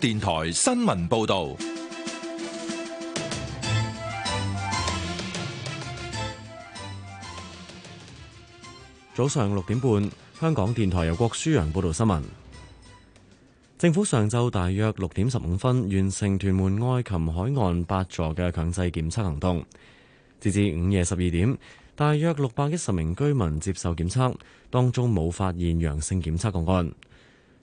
電台新聞報道：早上六點半，香港電台由郭舒揚報道新聞。政府上晝大約六點十五分完成屯門愛琴海岸八座嘅強制檢測行動，截至午夜十二點，大約六百一十名居民接受檢測，當中冇發現陽性檢測個案。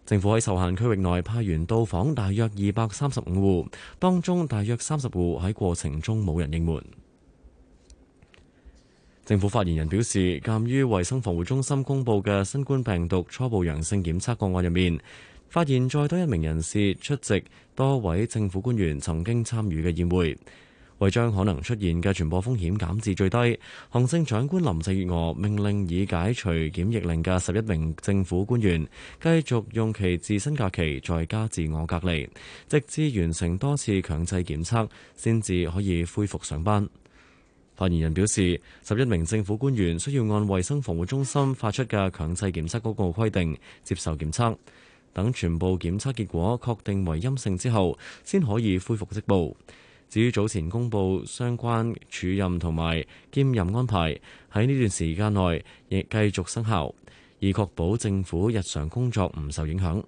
政府喺受限區域內派員到訪大約二百三十五戶，當中大約三十戶喺過程中冇人應門。政府發言人表示，鑑於衞生防護中心公佈嘅新冠病毒初步陽性檢測個案入面，發現再多一名人士出席多位政府官員曾經參與嘅宴會。為將可能出現嘅傳播風險減至最低，行政長官林鄭月娥命令已解除檢疫令嘅十一名政府官員繼續用其自身假期在家自我隔離，直至完成多次強制檢測，先至可以恢復上班。發言人表示，十一名政府官員需要按衛生防護中心發出嘅強制檢測公告規定接受檢測，等全部檢測結果確定為陰性之後，先可以恢復職務。至於早前公布相關署任同埋兼任安排，喺呢段時間內亦繼續生效，以確保政府日常工作唔受影響。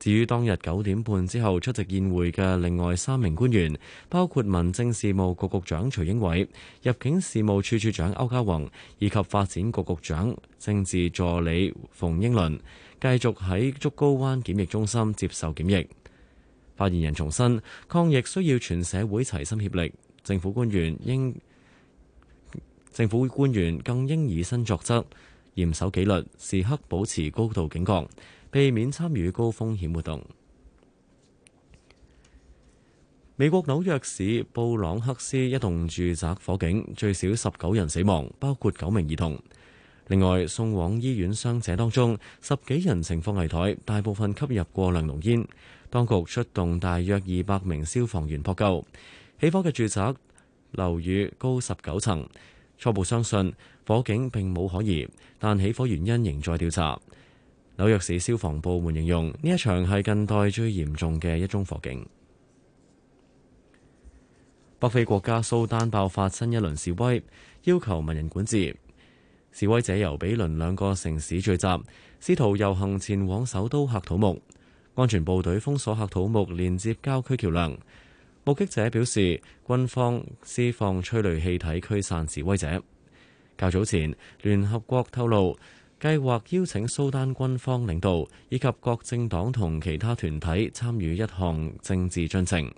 至於當日九點半之後出席宴會嘅另外三名官員，包括民政事務局局長徐英偉、入境事務處處長區嘉宏以及發展局局長政治助理馮英倫，繼續喺竹篙灣檢疫中心接受檢疫。發言人重申，抗疫需要全社會齊心協力，政府官員應政府官員更應以身作則，嚴守紀律，時刻保持高度警覺，避免參與高風險活動。美國紐約市布朗克斯一棟住宅火警，最少十九人死亡，包括九名兒童。另外，送往醫院傷者當中，十幾人情況危殆，大部分吸入過量濃煙。當局出動大約二百名消防員撲救，起火嘅住宅樓宇高十九層，初步相信火警並冇可疑，但起火原因仍在調查。紐約市消防部門形容呢一場係近代最嚴重嘅一宗火警。北非國家蘇丹爆發新一輪示威，要求文人管治。示威者由比鄰兩個城市聚集，試圖遊行前往首都喀土穆。安全部隊封鎖喀土穆，連接郊區橋梁。目擊者表示，軍方施放催淚氣體驅散示威者。較早前，聯合國透露計劃邀請蘇丹軍方領導以及各政黨同其他團體參與一項政治進程，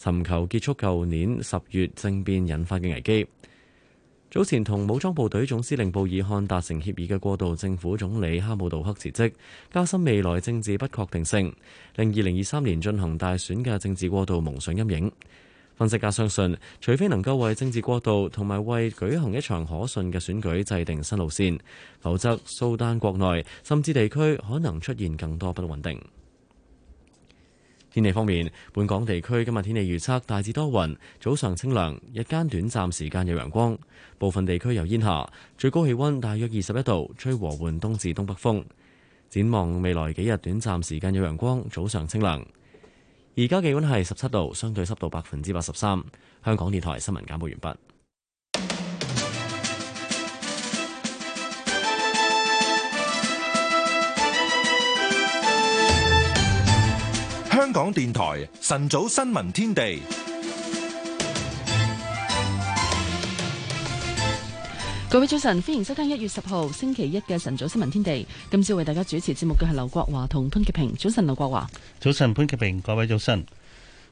尋求結束舊年十月政變引發嘅危機。早前同武裝部隊總司令布爾漢達成協議嘅過渡政府總理哈姆道克辭職，加深未來政治不確定性，令二零二三年進行大選嘅政治過渡蒙上陰影。分析家相信，除非能夠為政治過渡同埋為舉行一場可信嘅選舉制定新路線，否則蘇丹國內甚至地區可能出現更多不穩定。天氣方面，本港地區今日天氣預測大致多雲，早上清涼，日間短暫時間有陽光，部分地區有煙霞，最高氣溫大約二十一度，吹和緩東至東北風。展望未來幾日，短暫時間有陽光，早上清涼。而家氣溫係十七度，相對濕度百分之八十三。香港電台新聞簡報完畢。港電台晨早新聞天地，各位早晨，歡迎收聽一月十號星期一嘅晨早新聞天地。今朝為大家主持節目嘅係劉國華同潘潔平。早晨，劉國華。早晨，潘潔平。各位早晨。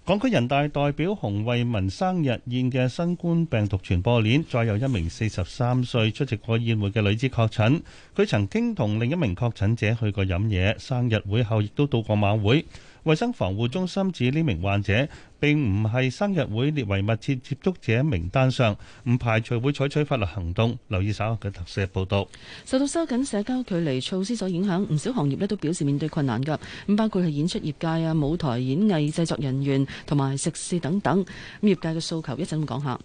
港區人大代表洪為民生日宴嘅新冠病毒傳播鏈，再有一名四十三歲出席過宴會嘅女子確診。佢曾經同另一名確診者去過飲嘢，生日會後亦都到過馬會。衞生防護中心指呢名患者並唔係生日會列為密切接觸者名單上，唔排除會採取法律行動。留意稍後嘅特寫報道。受到收緊社交距離措施所影響，唔少行業咧都表示面對困難㗎，咁包括係演出業界啊、舞台演藝製作人員同埋食肆等等，咁業界嘅訴求一陣咁講下。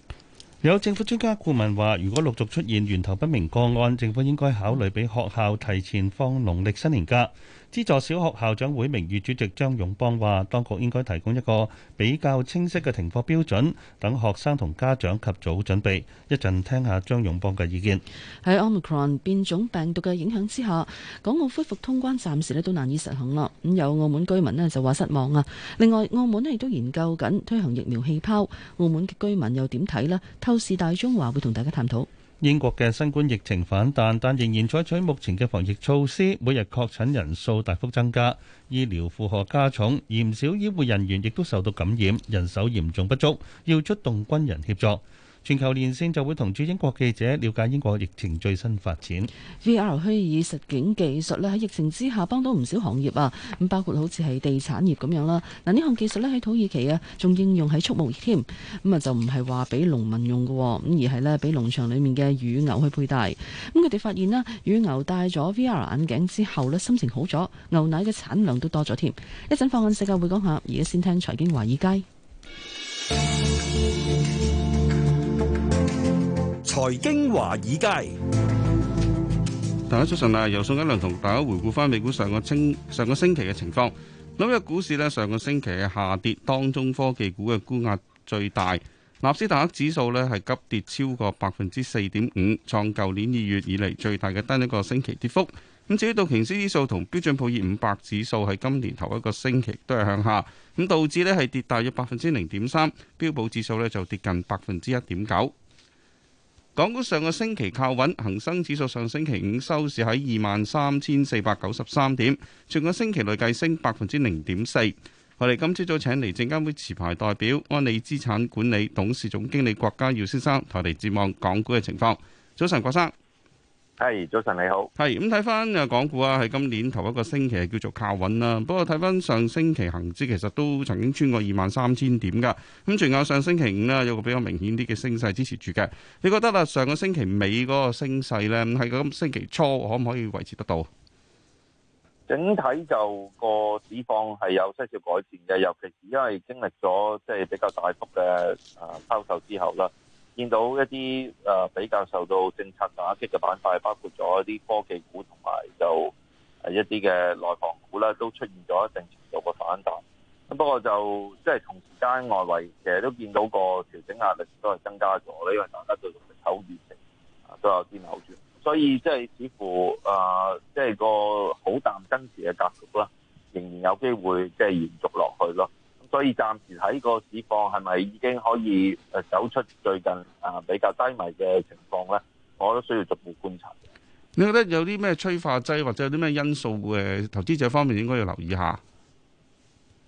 有政府專家顧問話，如果陸續出現源頭不明個案，政府應該考慮俾學校提前放農曆新年假。資助小學校長會名譽主席張勇邦話，當局應該提供一個比較清晰嘅停課標準，等學生同家長及早準備。一陣聽下張勇邦嘅意見。喺 Omicron 變種病毒嘅影響之下，港澳恢復通關暫時咧都難以實行啦。有澳門居民咧就話失望啊。另外，澳門咧亦都研究緊推行疫苗氣泡，澳門嘅居民又點睇呢？《透視大中華》會同大家探討。英國嘅新冠疫情反彈，但仍然採取目前嘅防疫措施。每日確診人數大幅增加，醫療負荷加重，而唔少醫護人員亦都受到感染，人手嚴重不足，要出動軍人協助。全球連線就會同駐英國記者了解英國疫情最新發展。VR 虛擬實景技術咧喺疫情之下幫到唔少行業啊，咁包括好似係地產業咁樣啦。嗱，呢項技術咧喺土耳其啊仲應用喺畜牧業添，咁啊就唔係話俾農民用噶，咁而係咧俾農場裏面嘅乳牛去佩戴。咁佢哋發現啦，乳牛戴咗 VR 眼鏡之後咧，心情好咗，牛奶嘅產量都多咗添。一陣放眼世界會講下，而家先聽財經華爾街。財經華爾街，大家早晨啊！由宋一良同大家回顧翻美股上個星上個星期嘅情況。今日股市咧上個星期嘅下跌當中，科技股嘅沽壓最大。納斯達克指數咧係急跌超過百分之四點五，創舊年二月以嚟最大嘅單一個星期跌幅。咁至於道瓊斯指數同標準普爾五百指數喺今年頭一個星期都係向下，咁道指咧係跌大約百分之零點三，標普指數咧就跌近百分之一點九。港股上個星期靠穩，恒生指數上星期五收市喺二萬三千四百九十三點，全個星期累計升百分之零點四。我哋今朝早請嚟證監會持牌代表安利資產管理董事總經理郭家耀先生，台嚟同我哋展望港股嘅情況。早晨，郭生。係、hey, 早晨你好。係咁睇翻啊，看看港股啊，係今年頭一個星期係叫做靠穩啦。不過睇翻上星期恒指其實都曾經穿過二萬三千點噶，咁仲有上星期五咧有個比較明顯啲嘅升勢支持住嘅。你覺得啦，上個星期尾嗰個升勢咧，係咁星期初可唔可以維持得到？整體就個、是、市況係有少少改善嘅，尤其是因為經歷咗即係比較大幅嘅啊拋售之後啦。見到一啲誒比較受到政策打擊嘅板塊，包括咗一啲科技股同埋就誒一啲嘅內房股啦，都出現咗一定程度嘅反彈。不過就即係同時間外圍，其實都見到個調整壓力都係增加咗，因為大家都仲係守熱誠啊，都有啲守住。所以即係似乎誒、呃，即係個好淡增持嘅格局啦，仍然有機會即係延續落去咯。所以暫時喺個市況係咪已經可以誒走出最近啊比較低迷嘅情況咧？我都需要逐步觀察。你覺得有啲咩催化劑或者有啲咩因素嘅投資者方面應該要留意下？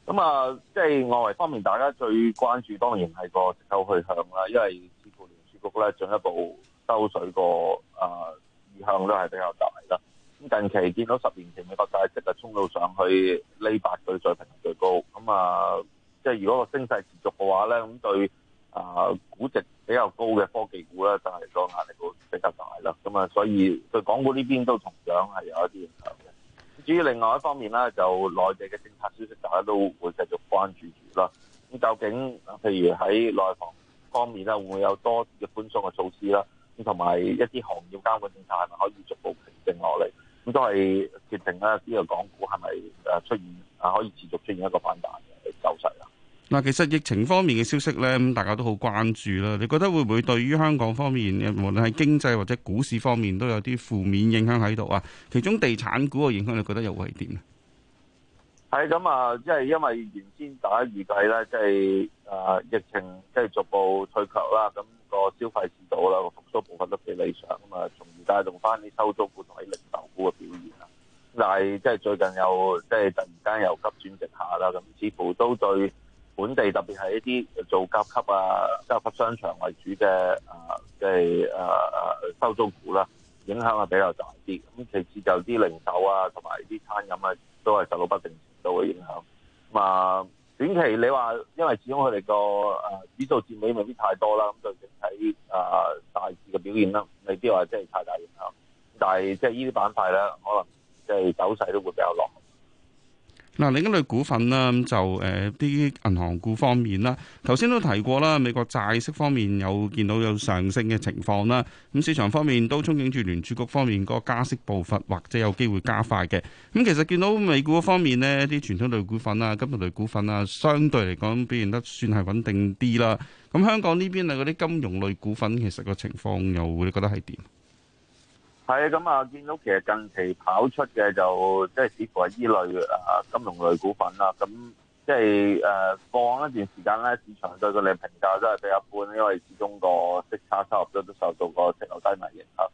咁啊、嗯呃，即係外圍方面，大家最關注當然係個直頭去向啦。因為似乎聯儲局咧進一步收水個啊、呃、意向都係比較大啦。咁近期見到十年期美國債息啊衝到上去呢八個最平最高咁啊。嗯呃。如果個升勢持續嘅話咧，咁對啊、呃、估值比較高嘅科技股咧，就係個壓力會比較大啦。咁啊，所以對港股呢邊都同樣係有一啲影響嘅。至於另外一方面咧，就內地嘅政策消息大家都會繼續關注住啦。咁究竟譬如喺內房方面咧，會唔會有多啲嘅寬鬆嘅措施啦？咁同埋一啲行業監管政策係咪可以逐步平靜落嚟？咁都係決定咧呢、這個港股係咪誒出現啊可以持續出現一個反彈嘅走勢。嗱，其實疫情方面嘅消息咧，咁大家都好關注啦。你覺得會唔會對於香港方面，無論係經濟或者股市方面，都有啲負面影響喺度啊？其中地產股嘅影響，你覺得又會係點咧？係咁啊，即係因為原先大家預計咧，即係啊疫情即係逐步退卻啦，咁個消費市道啦，個復甦部分都幾理想咁啊，從而帶動翻啲收租股同喺零售股嘅表現啦。但係即係最近又即係突然間又急轉直下啦，咁似乎都對。本地特別係一啲做甲級啊、甲級商場為主嘅啊，即係啊啊收租股啦，影響係比較大啲。咁其次就啲零售啊，同埋啲餐飲啊，都係受到不定程度嘅影響。咁、呃、啊，短期你話因為始終佢哋個啊指數佔比未必太多啦，咁就整體啊大市嘅表現啦，未必話真係太大影響。但係即係呢啲板塊咧，可能即係走勢都會比較落。嗱，另一類股份呢，就誒，啲、呃、銀行股方面啦，頭先都提過啦，美國債息方面有見到有上升嘅情況啦，咁市場方面都憧憬住聯儲局方面嗰個加息步伐或者有機會加快嘅，咁其實見到美股方面呢，啲傳統類股份啊，金融類股份啊，相對嚟講表現得算係穩定啲啦，咁香港呢邊啊嗰啲金融類股份，其實個情況又會覺得係點？係啊，咁啊，見到其實近期跑出嘅就即係似乎係呢類啊金融類股份啦，咁即係誒放一段時間咧，市場對佢哋評價都係比較一般，因為始終個息差收入都都受到個息率低迷影響。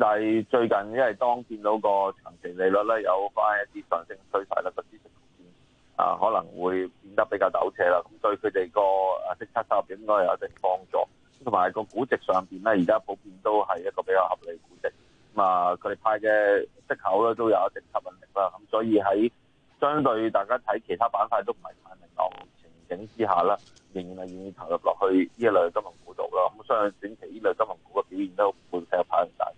但係最近因為當見到個長期利率咧有翻一啲上升趨勢咧，個孳息曲線啊可能會變得比較陡斜啦，咁對佢哋個啊息差收入應該有一定幫助，同埋個估值上邊咧，而家普遍都係一個比較合理估值。啊！佢哋派嘅息口咧，都有一定吸引力啦。咁所以喺相對大家睇其他板塊都唔係太明朗情景之下啦，仍然係願意投入落去呢一類金融股度啦。咁所以短期呢類金融股嘅表現都半成有跑贏大市。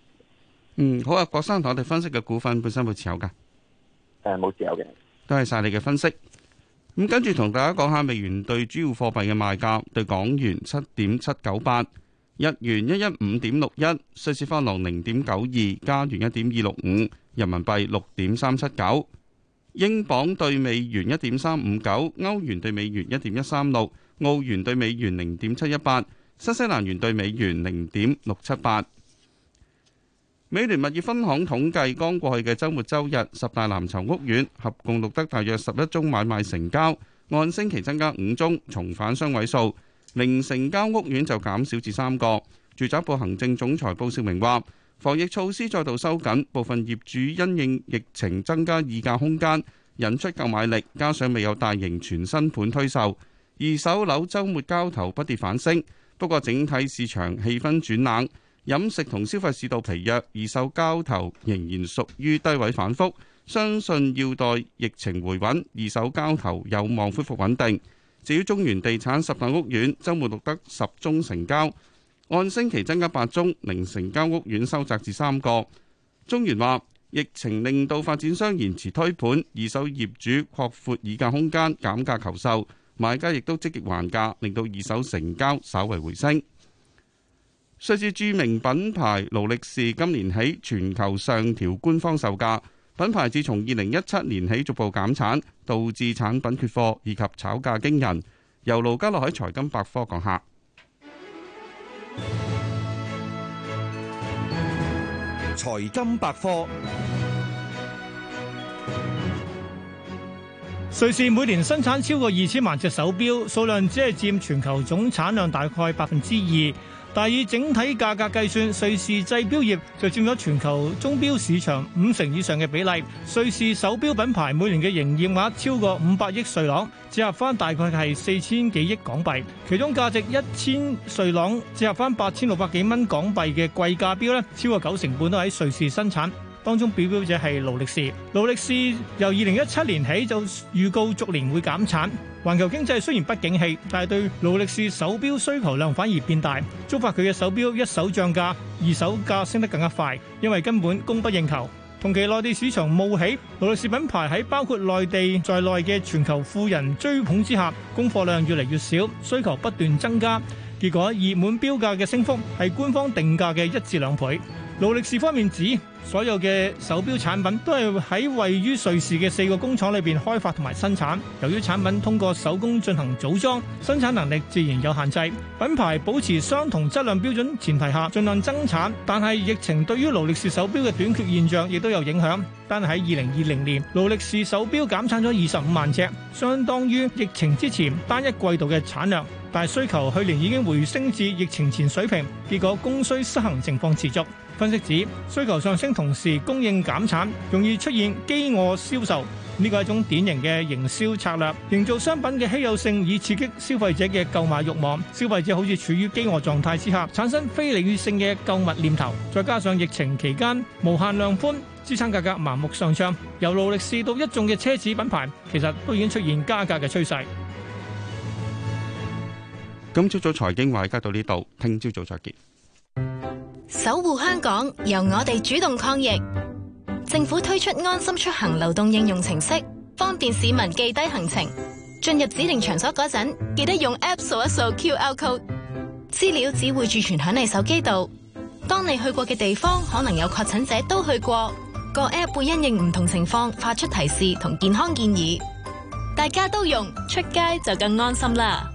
嗯，好啊！郭生同我哋分析嘅股份本身有冇持有噶？誒、嗯，冇、啊、持有嘅。多謝晒你嘅分析。咁跟住同大家講下美元兌主要貨幣嘅賣價，對港元七點七九八。日元一一五點六一，瑞士法郎零點九二，加元一點二六五，人民幣六點三七九，英鎊對美元一點三五九，歐元對美元一點一三六，澳元對美元零點七一八，新西蘭元對美元零點六七八。美聯物業分行統計，剛過去嘅週末週日，十大藍籌屋苑合共錄得大約十一宗買賣成交，按星期增加五宗，重返雙位數。零成交屋苑就減少至三個。住宅部行政總裁布少明話，防疫措施再度收緊，部分業主因應疫情增加議價空間，引出購買力。加上未有大型全新盤推售，二手樓週末交投不跌反升。不過整體市場氣氛轉冷，飲食同消費市道疲弱，二手交投仍然屬於低位反覆。相信要待疫情回穩，二手交投有望恢復穩定。至於中原地產十大屋苑週末錄得十宗成交，按星期增加八宗，零成交屋苑收窄至三個。中原話，疫情令到發展商延遲推盤，二手業主擴闊議價空間，減價求售，買家亦都積極還價，令到二手成交稍為回升。瑞士著名品牌勞力士今年起全球上調官方售價。品牌自從二零一七年起逐步減產，導致產品缺貨以及炒價驚人。由盧家樂喺財金百科講下，財金百科。瑞士每年生產超過二千萬隻手錶，數量只係佔全球總產量大概百分之二。但以整體價格計算，瑞士製錶業就佔咗全球鐘錶市場五成以上嘅比例。瑞士手錶品牌每年嘅營業額超過五百億瑞郎，折合翻大概係四千幾億港幣。其中價值一千瑞郎，折合翻八千六百幾蚊港幣嘅貴價錶咧，超過九成半都喺瑞士生產。當中表表者係勞力士，勞力士由二零一七年起就預告逐年會減產。環球經濟雖然不景氣，但係對勞力士手錶需求量反而變大，觸發佢嘅手錶一手漲價，二手價升得更加快，因為根本供不應求。同期內地市場冒起，勞力士品牌喺包括內地在內嘅全球富人追捧之下，供貨量越嚟越少，需求不斷增加，結果熱門標價嘅升幅係官方定價嘅一至兩倍。勞力士方面指，所有嘅手錶產品都係喺位於瑞士嘅四個工廠裏邊開發同埋生產。由於產品通過手工進行組裝，生產能力自然有限制。品牌保持相同質量標準前提下，盡量增產。但係疫情對於勞力士手錶嘅短缺現象亦都有影響。但喺二零二零年，勞力士手錶減產咗二十五萬隻，相當於疫情之前單一季度嘅產量。但係需求去年已經回升至疫情前水平，結果供需失衡情況持續。分析指需求上升同時供應減產，容易出現饑餓銷售，呢個係一種典型嘅營銷策略，營造商品嘅稀有性以刺激消費者嘅購買慾望。消費者好似處於饑餓狀態之下，產生非理性嘅購物念頭。再加上疫情期間無限量寬，資產價格盲目上漲，由勞力士到一眾嘅奢侈品牌，其實都已經出現加價嘅趨勢。今朝早財經話而家到呢度，聽朝早再見。守護香港，由我哋主動抗疫。政府推出安心出行流動應用程式，方便市民記低行程。進入指定場所嗰陣，記得用 App 掃一掃 QR code。資料只會儲存響你手機度。當你去過嘅地方可能有確診者都去過，各 App 會因應唔同情況發出提示同健康建議。大家都用，出街就更安心啦。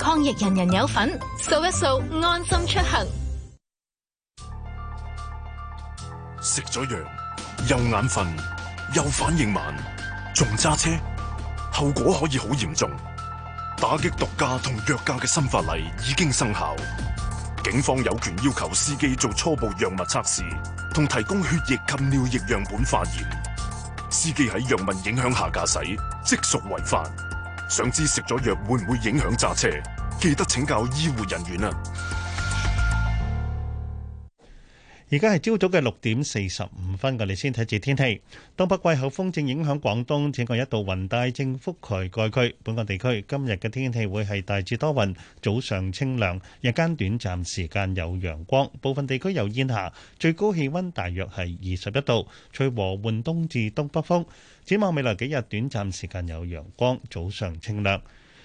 抗疫人人有份，掃一掃安心出行。食咗藥又眼瞓又反應慢，仲揸車，後果可以好嚴重。打擊毒駕同藥駕嘅新法例已經生效，警方有權要求司機做初步藥物測試，同提供血液及尿液樣本化驗。司機喺藥物影響下駕駛，即屬違法。想知食咗藥會唔會影響揸車？記得請教醫護人員啊！而家係朝早嘅六點四十五分，我哋先睇住天氣。東北季候風正影響廣東，整個一道雲帶正覆蓋該區。本港地區今日嘅天氣會係大致多雲，早上清涼，日間短暫時間有陽光，部分地區有煙霞，最高氣溫大約係二十一度，吹和緩東至東北風。展望未來幾日，短暫時間有陽光，早上清涼。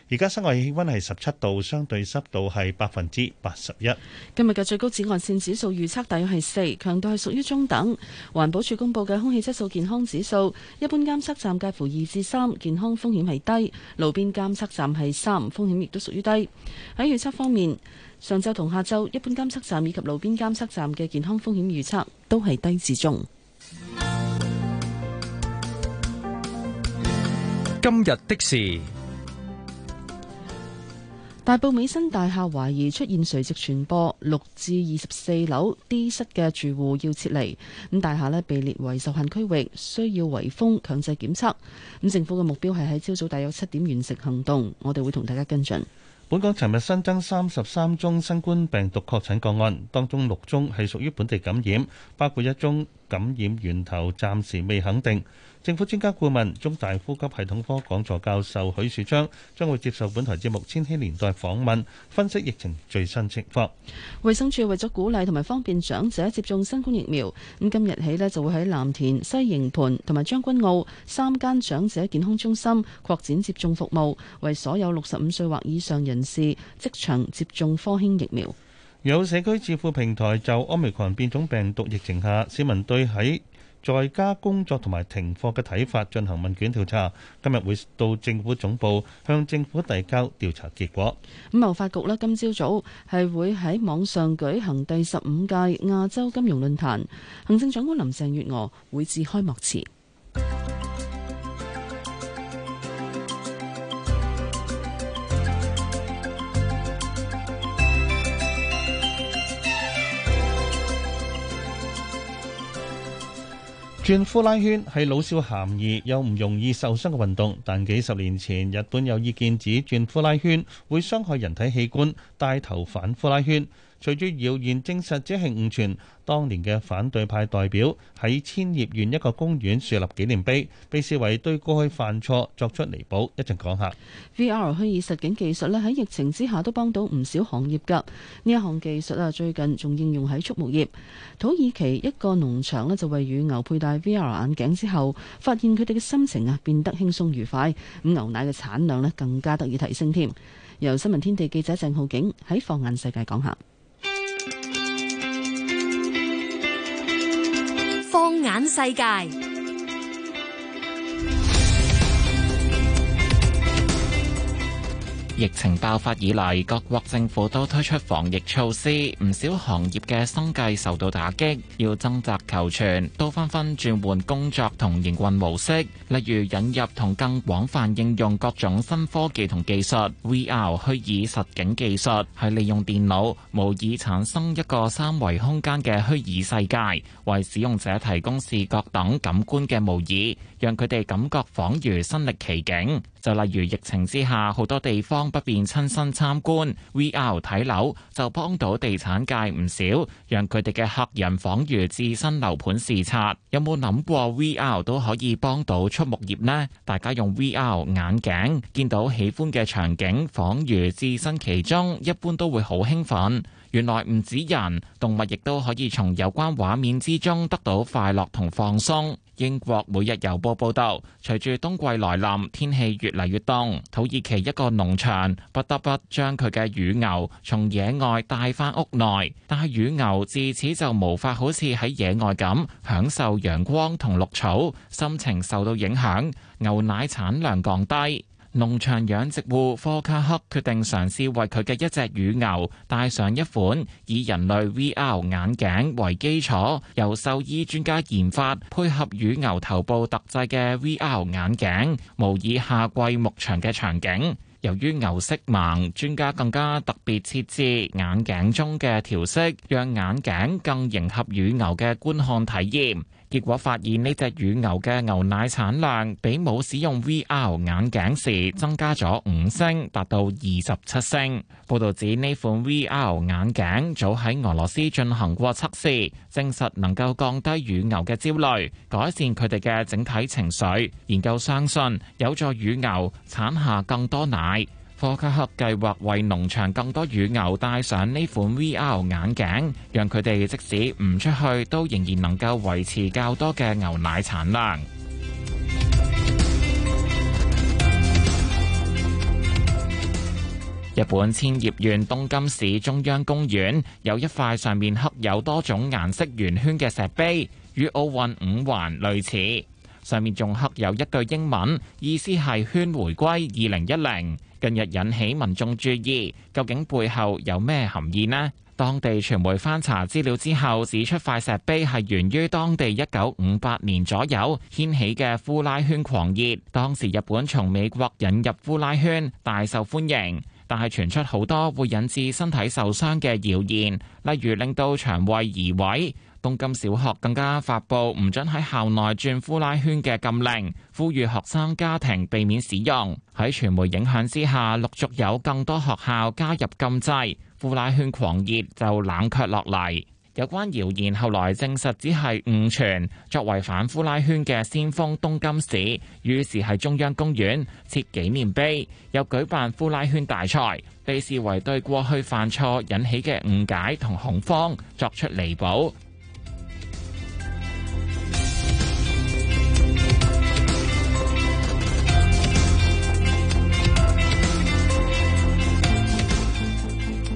而家室外氣溫係十七度，相對濕度係百分之八十一。今日嘅最高紫外線指數預測大約係四，強度係屬於中等。環保署公布嘅空氣質素健康指數，一般監測站介乎二至三，健康風險係低；路邊監測站係三，風險亦都屬於低。喺預測方面，上晝同下晝，一般監測站以及路邊監測站嘅健康風險預測都係低至中。今日的事。大埔美新大廈懷疑出現垂直傳播，六至二十四樓 D 室嘅住戶要撤離。咁大廈咧被列為受限區域，需要圍封、強制檢測。咁政府嘅目標係喺朝早大約七點完成行動。我哋會同大家跟進。本港尋日新增三十三宗新冠病毒確診個案，當中六宗係屬於本地感染，包括一宗感染源頭暫時未肯定。政府專家顧問、中大呼吸系統科講座教授許樹昌將會接受本台節目《千禧年代》訪問，分析疫情最新情況。衛生署為咗鼓勵同埋方便長者接種新冠疫苗，咁今日起呢就會喺藍田、西營盤同埋將軍澳三間長者健康中心擴展接種服務，為所有六十五歲或以上人士即場接種科興疫苗。有社區智庫平台就奧密克戎變種病毒疫情下，市民對喺在家工作同埋停課嘅睇法進行問卷調查，今日會到政府總部向政府遞交調查結果。貿發局，呢今朝早係會喺網上舉行第十五屆亞洲金融論壇，行政長官林鄭月娥會致開幕詞。轉呼拉圈係老少咸宜又唔容易受傷嘅運動，但幾十年前，日本有意見指轉呼拉圈會傷害人體器官，帶頭反呼拉圈。隨住謠言證實，即係誤傳。當年嘅反對派代表喺千葉縣一個公園樹立紀念碑，被視為對過去犯錯作出彌補。一陣講下 VR 虛擬實境技術咧，喺疫情之下都幫到唔少行業㗎。呢一項技術啊，最近仲應用喺畜牧業。土耳其一個農場咧，就為乳牛佩戴 VR 眼鏡之後，發現佢哋嘅心情啊變得輕鬆愉快，咁牛奶嘅產量咧更加得以提升添。由新聞天地記者鄭浩景喺放眼世界講下。放眼世界。疫情爆發以嚟，各國政府都推出防疫措施，唔少行業嘅生計受到打擊，要掙扎求存，都紛紛轉換工作同營運模式，例如引入同更廣泛應用各種新科技同技術。VR 虛擬實境技術係利用電腦模擬產生一個三維空間嘅虛擬世界，為使用者提供視覺等感官嘅模擬，讓佢哋感覺仿如身歷其境。就例如疫情之下，好多地方。不便親身參觀，VR 睇樓就幫到地產界唔少，讓佢哋嘅客人仿如置身樓盤視察。有冇諗過 VR 都可以幫到畜牧業呢？大家用 VR 眼鏡見到喜歡嘅場景，仿如置身其中，一般都會好興奮。原來唔止人，動物亦都可以從有關畫面之中得到快樂同放鬆。英國每日郵報報導，隨住冬季來臨，天氣越嚟越凍，土耳其一個農場不得不將佢嘅乳牛從野外帶翻屋內，但係乳牛自此就無法好似喺野外咁享受陽光同綠草，心情受到影響，牛奶產量降低。農場養殖戶科卡克決定嘗試為佢嘅一隻乳牛戴上一款以人類 VR 眼鏡為基礎、由獸醫專家研發、配合乳牛頭部特製嘅 VR 眼鏡，模擬夏季牧場嘅場景。由於牛色盲，專家更加特別設置眼鏡中嘅調色，讓眼鏡更迎合乳牛嘅觀看體驗。結果發現呢隻乳牛嘅牛奶產量比冇使用 VR 眼鏡時增加咗五升，達到二十七升。報道指呢款 VR 眼鏡早喺俄羅斯進行過測試，證實能夠降低乳牛嘅焦慮，改善佢哋嘅整體情緒。研究相信有助乳牛產下更多奶。科卡克計劃為農場更多乳牛戴上呢款 VR 眼鏡，讓佢哋即使唔出去，都仍然能夠維持較多嘅牛奶產量。日本千葉縣東金市中央公園，有一塊上面刻有多種顏色圓圈嘅石碑，與奧運五環類似。上面仲刻有一句英文，意思係圈回歸二零一零，近日引起民眾注意，究竟背後有咩含義呢？當地傳媒翻查資料之後，指出塊石碑係源於當地一九五八年左右掀起嘅呼拉圈狂熱，當時日本從美國引入呼拉圈，大受歡迎，但係傳出好多會引致身體受傷嘅謠言，例如令到腸胃移位。東金小學更加發布唔准喺校內轉呼拉圈嘅禁令，呼籲學生家庭避免使用。喺傳媒影響之下，陸續有更多學校加入禁制，呼拉圈狂熱就冷卻落嚟。有關謠言後來證實只係誤傳。作為反呼拉圈嘅先鋒，東金市於是喺中央公園設紀念碑，又舉辦呼拉圈大賽，被視為對過去犯錯引起嘅誤解同恐慌作出彌補。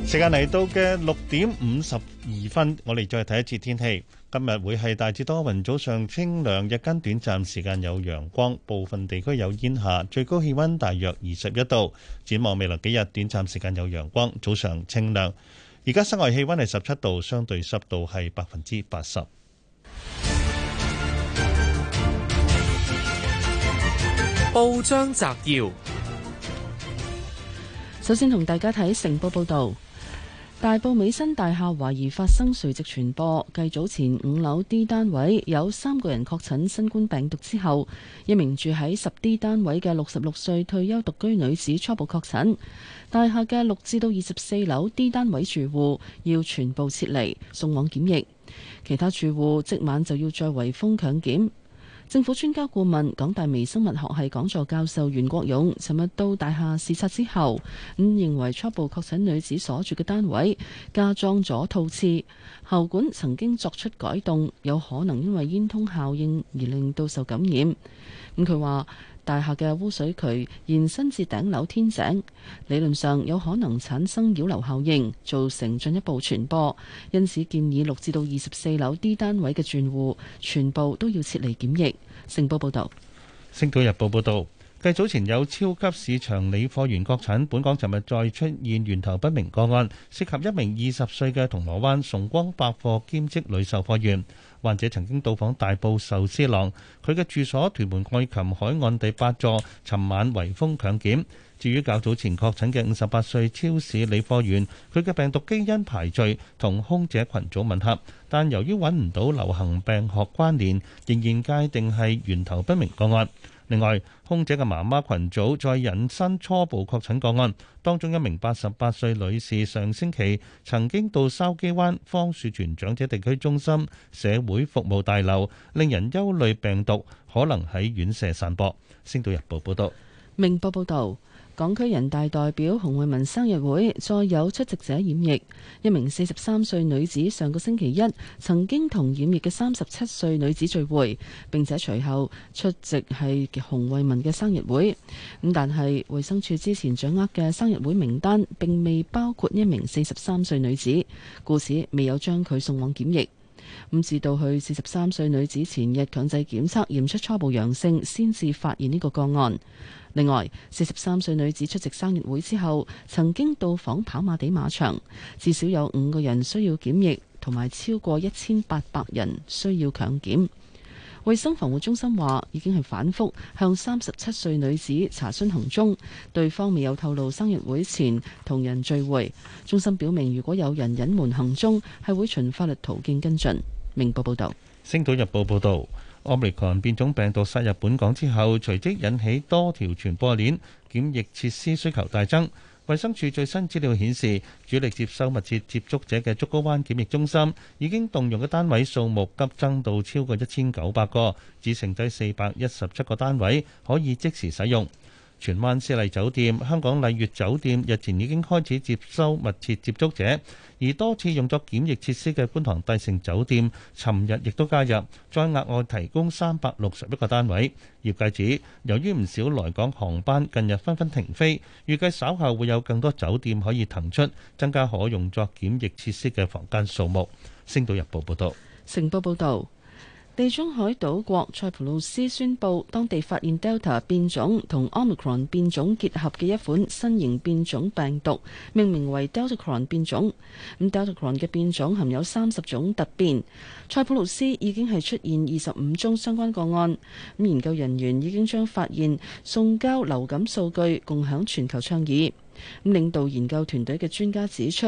時間嚟到嘅六點五十二分，我哋再睇一次天氣。今日會係大致多雲，早上清涼，日間短暫時間有陽光，部分地區有煙霞，最高氣溫大約二十一度。展望未來幾日，短暫時間有陽光，早上清涼。而家室外氣溫係十七度，相對濕度係百分之八十。報章摘要，首先同大家睇成報報道。大埔美新大廈懷疑發生垂直傳播，繼早前五樓 D 單位有三個人確診新冠病毒之後，一名住喺十 D 單位嘅六十六歲退休獨居女子初步確診。大廈嘅六至到二十四樓 D 單位住戶要全部撤離，送往檢疫；其他住戶即晚就要再圍封強檢。政府專家顧問港大微生物學系講座教授袁國勇，尋日到大廈視察之後，咁、嗯、認為初步確診女子所住嘅單位加裝咗套廁，喉管曾經作出改動，有可能因為煙通效應而令到受感染。咁佢話，大廈嘅污水渠延伸至頂樓天井，理論上有可能產生擾流效應，造成進一步傳播。因此建議六至到二十四樓啲單位嘅住戶全部都要撤離檢疫。成報報道、星島日報報道，繼早前有超級市場理貨員確診，本港尋日再出現源頭不明個案，涉及一名二十歲嘅銅鑼灣崇光百貨兼職女售貨員。患者曾經到訪大埔壽司郎，佢嘅住所屯門愛琴海岸第八座，尋晚圍封強檢。至於較早前確診嘅五十八歲超市理貨員，佢嘅病毒基因排序同空姐群組吻合，但由於揾唔到流行病學關聯，仍然界定係源頭不明個案。另外，空姐嘅媽媽群組再引申初步確診個案，當中一名八十八歲女士上星期曾經到筲箕灣方樹泉長者地區中心社會服務大樓，令人憂慮病毒可能喺院舍散播。星島日報報道，明報報道。港區人大代表洪慧文生日會再有出席者染疫，一名四十三歲女子上個星期一曾經同染疫嘅三十七歲女子聚會，並且隨後出席係洪慧文嘅生日會。咁但係衞生署之前掌握嘅生日會名單並未包括一名四十三歲女子，故此未有將佢送往檢疫。咁至到去四十三歲女子前日強制檢測驗出初步陽性，先至發現呢個個案。另外，四十三歲女子出席生日會之後，曾經到訪跑馬地馬場，至少有五個人需要檢疫，同埋超過一千八百人需要強檢。衛生防護中心話，已經係反覆向三十七歲女子查詢行蹤，對方未有透露生日會前同人聚會。中心表明，如果有人隱瞞行蹤，係會循法律途徑跟進。明報報，報，報道。《星島日報》報導。Omicron 變種病毒殺入本港之後，隨即引起多條傳播鏈，檢疫設施需求大增。衛生署最新資料顯示，主力接收密切接觸者嘅竹篙灣檢疫中心，已經動用嘅單位數目急增到超過一千九百個，只剩低四百一十七個單位可以即時使用。荃灣絲麗酒店、香港麗悅酒店日前已經開始接收密切接觸者，而多次用作檢疫設施嘅觀塘帝盛酒店，尋日亦都加入，再額外提供三百六十一個單位。業界指，由於唔少來港航班近日紛紛停飛，預計稍後會有更多酒店可以騰出，增加可用作檢疫設施嘅房間數目。星島日報報道。成報報導。地中海島國塞浦路斯宣布，當地發現 Delta 變種同 Omicron 變種結合嘅一款新型變種病毒，命名為 Delta Cron 變種。咁 Delta Cron 嘅變種含有三十種突變。塞浦路斯已經係出現二十五宗相關個案。咁研究人員已經將發現送交流感數據共享全球倡議。咁領導研究團隊嘅專家指出，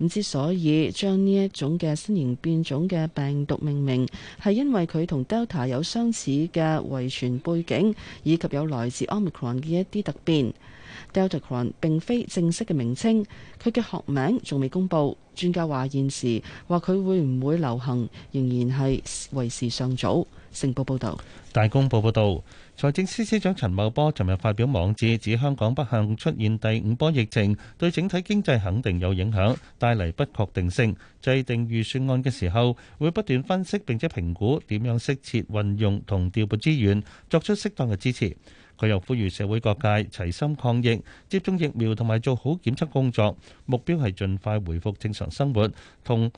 咁之所以將呢一種嘅新型變種嘅病毒命名，係因為佢同 Delta 有相似嘅遺傳背景，以及有來自 Omicron 嘅一啲突變。Deltacron 並非正式嘅名稱，佢嘅學名仲未公布。專家話現時話佢會唔會流行，仍然係為時尚早。成報報導，大公報報道。財政司司長陳茂波尋日發表網誌，指香港不幸出現第五波疫情，對整體經濟肯定有影響，帶嚟不確定性。制定預算案嘅時候，會不斷分析並且評估點樣適切運用同調撥資源，作出適當嘅支持。佢又呼籲社會各界齊心抗疫、接種疫苗同埋做好檢測工作，目標係盡快回復正常生活同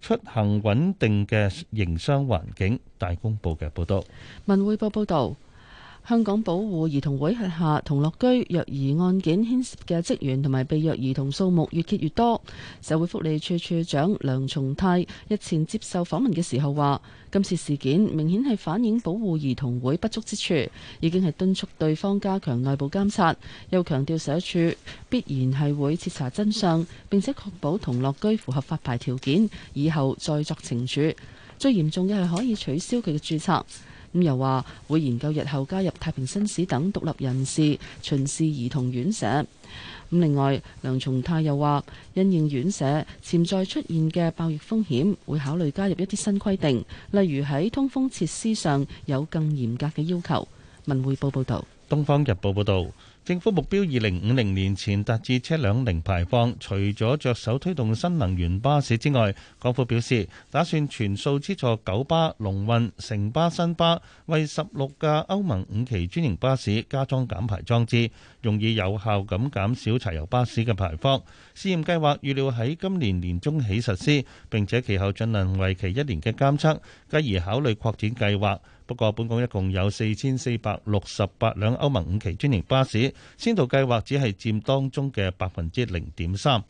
出行穩定嘅營商環境。大公報嘅報道，文匯報報道。香港保護兒童會轄下同樂居虐兒案件牽涉嘅職員同埋被虐兒童數目越揭越多，社會福利署署長梁松泰日前接受訪問嘅時候話：今次事件明顯係反映保護兒童會不足之處，已經係敦促對方加強外部監察。又強調社署必然係會徹查真相，並且確保同樂居符合發牌條件，以後再作懲處。最嚴重嘅係可以取消佢嘅註冊。咁又話會研究日後加入太平紳士等獨立人士巡視兒童院舍。咁另外，梁松泰又話，因應院舍潛在出現嘅爆疫風險，會考慮加入一啲新規定，例如喺通風設施上有更嚴格嘅要求。文匯報報道。東方日報報導。政府目標二零五零年前達至車輛零排放，除咗着手推動新能源巴士之外，港府表示打算全數資助九巴、龍運、城巴、新巴為十六架歐盟五期專營巴士加裝減排裝置。容易有效咁減少柴油巴士嘅排放。試驗計劃預料喺今年年中起實施，並且其後進行為期一年嘅監測，繼而考慮擴展計劃。不過，本港一共有四千四百六十八輛歐盟五期專營巴士，先導計劃只係佔當中嘅百分之零點三。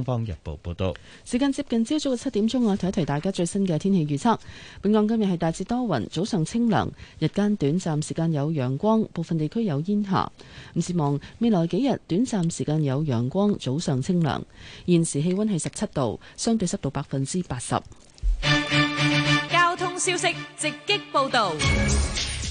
《東方日報》報道，時間接近朝早嘅七點鐘啊，睇一睇大家最新嘅天氣預測。本港今日係大致多雲，早上清涼，日間短暫時間有陽光，部分地區有煙霞。唔期望未來幾日短暫時間有陽光，早上清涼。現時氣溫係十七度，相對濕度百分之八十。交通消息直擊報道。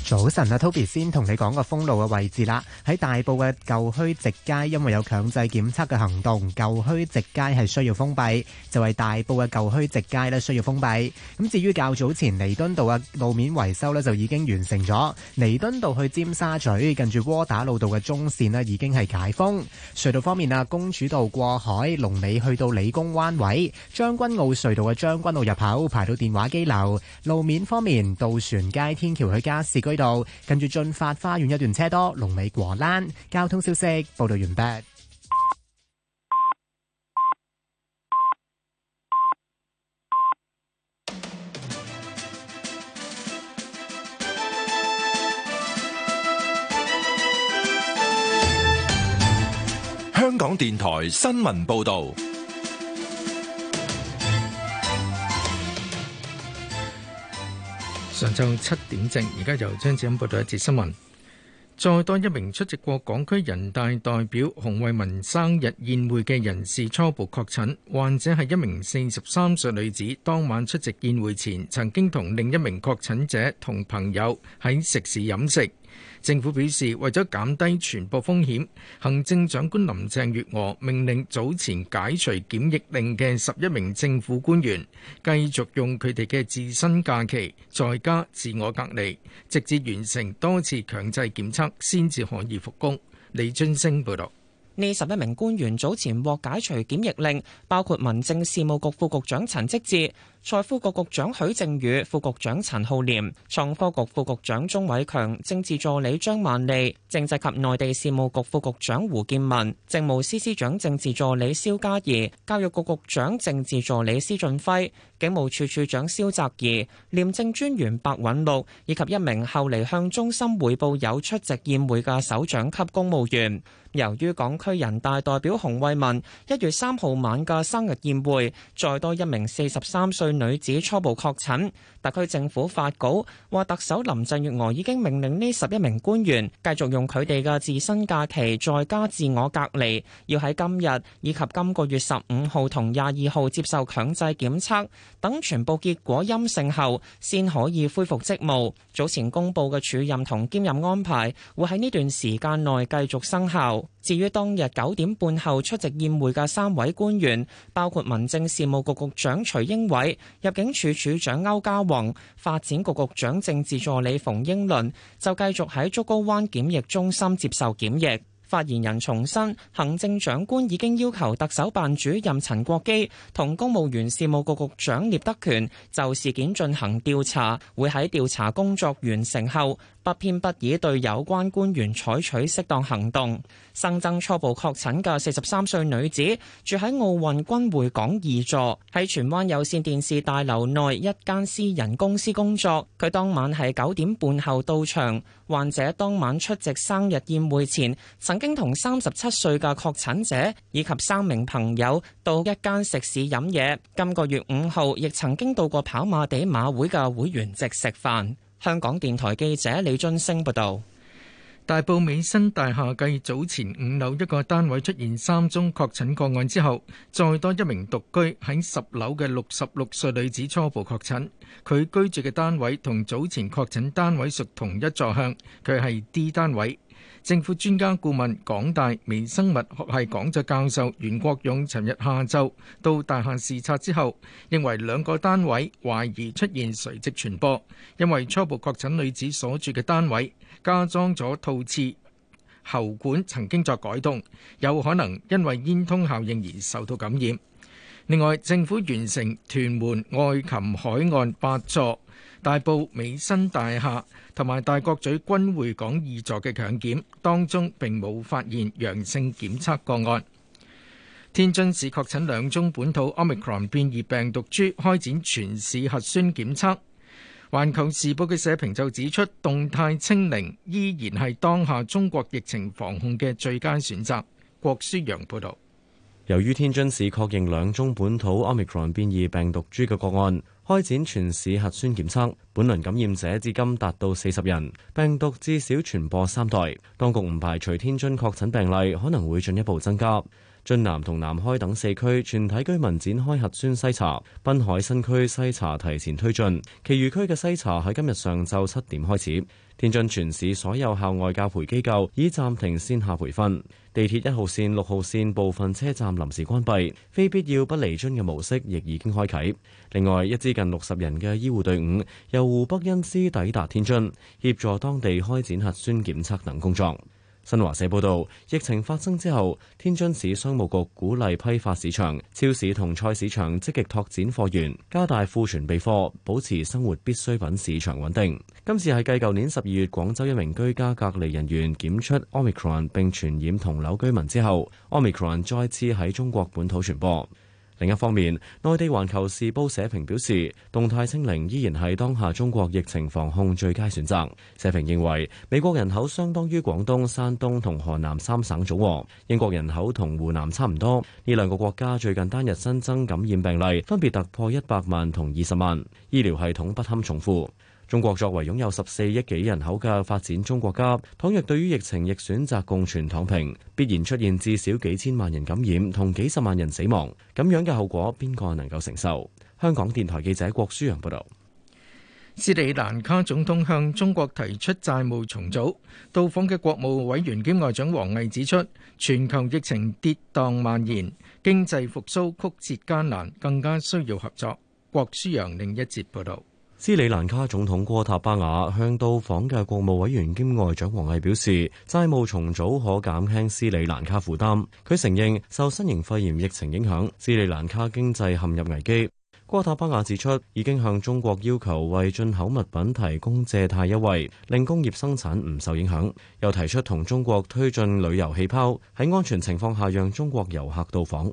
早晨啊，Toby 先同你講個封路嘅位置啦。喺大埔嘅舊墟直街，因為有強制檢測嘅行動，舊墟直街係需要封閉。就係大埔嘅舊墟直街呢需要封閉。咁至於較早前彌敦道嘅路面維修呢就已經完成咗。彌敦道去尖沙咀，近住窩打老道嘅中綫呢已經係解封。隧道方面啊，公主道過海，龍尾去到理工灣位，將軍澳隧道嘅將軍澳入口排到電話機樓。路面方面，渡船街天橋去加士居。喺度，跟住駿發花園一段車多，龍尾過欄。交通消息報道完畢。香港電台新聞報道。上晝七點正，而家由張子欣報道一節新聞。再多一名出席過港區人大代表洪為民生日宴會嘅人士初步確診，患者係一名四十三歲女子，當晚出席宴會前曾經同另一名確診者同朋友喺食肆飲食。政府表示，為咗減低傳播風險，行政長官林鄭月娥命令早前解除檢疫令嘅十一名政府官員，繼續用佢哋嘅自身假期在家自我隔離，直至完成多次強制檢測，先至可以復工。李津升報道，呢十一名官員早前獲解除檢疫令，包括民政事務局副局長陳積志。財庫局局長許正宇、副局長陳浩濂、創科局副局長鍾偉強、政治助理張曼莉、政制及內地事務局副局長胡健民、政務司司長政治助理蕭嘉怡、教育局局長政治助理施俊輝、警務處處長蕭澤頤、廉政專員白韞六，以及一名後嚟向中心彙報有出席宴會嘅首長級公務員。由於港區人大代表洪為民一月三號晚嘅生日宴會，再多一名四十三歲。女子初步確診，特區政府發稿話，特首林鄭月娥已經命令呢十一名官員繼續用佢哋嘅自身假期再加自我隔離，要喺今日以及今個月十五號同廿二號接受強制檢測，等全部結果陰性後，先可以恢復職務。早前公布嘅署任同兼任安排會喺呢段時間內繼續生效。至於當日九點半後出席宴會嘅三位官員，包括民政事務局局長徐英偉。入境處處長歐家宏、發展局局長政治助理馮英倫就繼續喺竹篙灣檢疫中心接受檢疫。發言人重申，行政長官已經要求特首辦主任陳國基同公務員事務局局長聶德權就事件進行調查，會喺調查工作完成後。不偏不倚，對有關官員採取適當行動。新增初步確診嘅四十三歲女子住喺奧運君匯港二座，喺荃灣有線電視大樓內一間私人公司工作。佢當晚係九點半後到場。患者當晚出席生日宴會前，曾經同三十七歲嘅確診者以及三名朋友到一間食肆飲嘢。今個月五號亦曾經到過跑馬地馬會嘅會員席食飯。香港電台記者李津升報道，大埔美新大廈繼早前五樓一個單位出現三宗確診個案之後，再多一名獨居喺十樓嘅六十六歲女子初步確診，佢居住嘅單位同早前確診單位屬同一座向，佢係 D 單位。政府專家顧問、港大微生物學系講座教授袁國勇，尋日下晝到大廈視察之後，認為兩個單位懷疑出現垂直傳播，因為初步確診女子所住嘅單位加裝咗套廁喉管，曾經作改動，有可能因為煙囪效應而受到感染。另外，政府完成屯門愛琴海岸八座、大埔美新大廈，同埋大角咀君匯港二座嘅強檢，當中並冇發現陽性檢測個案。天津市確診兩宗本土 Omicron 變異病毒株，開展全市核酸檢測。《環球時報》嘅社評就指出，動態清零依然係當下中國疫情防控嘅最佳選擇。郭舒陽報導。由於天津市確認兩宗本土 Omicron 變異病毒株嘅個案。開展全市核酸檢測，本輪感染者至今達到四十人，病毒至少傳播三代。當局唔排除天津確診病例可能會進一步增加。津南同南開等四區全體居民展開核酸篩查，濱海新區篩查提前推進，其餘區嘅篩查喺今日上晝七點開始。天津全市所有校外教培機構已暫停線下培訓。地鐵一號線、六號線部分車站臨時關閉，非必要不離津嘅模式亦已經開啟。另外，一支近六十人嘅醫護隊伍由湖北恩施抵達天津，協助當地開展核酸檢測等工作。新華社報道，疫情發生之後，天津市商務局鼓勵批發市場、超市同菜市場積極拓展貨源，加大庫存備貨，保持生活必需品市場穩定。今次係繼舊年十二月廣州一名居家隔離人員檢出 omicron 並傳染同樓居民之後，omicron 再次喺中國本土傳播。另一方面，內地環球時報社評表示，動態清零依然係當下中國疫情防控最佳選擇。社評認為，美國人口相當於廣東、山東同河南三省總和，英國人口同湖南差唔多。呢兩個國家最近單日新增感染病例分別突破一百萬同二十萬，醫療系統不堪重負。中國作為擁有十四億幾人口嘅發展中國家，倘若對於疫情亦選擇共存躺平，必然出現至少幾千萬人感染同幾十萬人死亡，咁樣嘅後果邊個能夠承受？香港電台記者郭舒陽報道。斯里蘭卡總統向中國提出債務重組。到訪嘅國務委員兼外長王毅指出，全球疫情跌宕蔓延，經濟復蘇曲折艱難，更加需要合作。郭舒陽另一節報道。斯里蘭卡總統戈塔巴雅向到訪嘅國務委員兼外長王毅表示，債務重組可減輕斯里蘭卡負擔，佢承認受新型肺炎疫情影響，斯里蘭卡經濟陷入危機，戈塔巴雅指出，已經向中國要求為進口物品提供借貸優惠，令工業生產唔受影響，又提出同中國推進旅遊氣泡，喺安全情況下讓中國遊客到訪。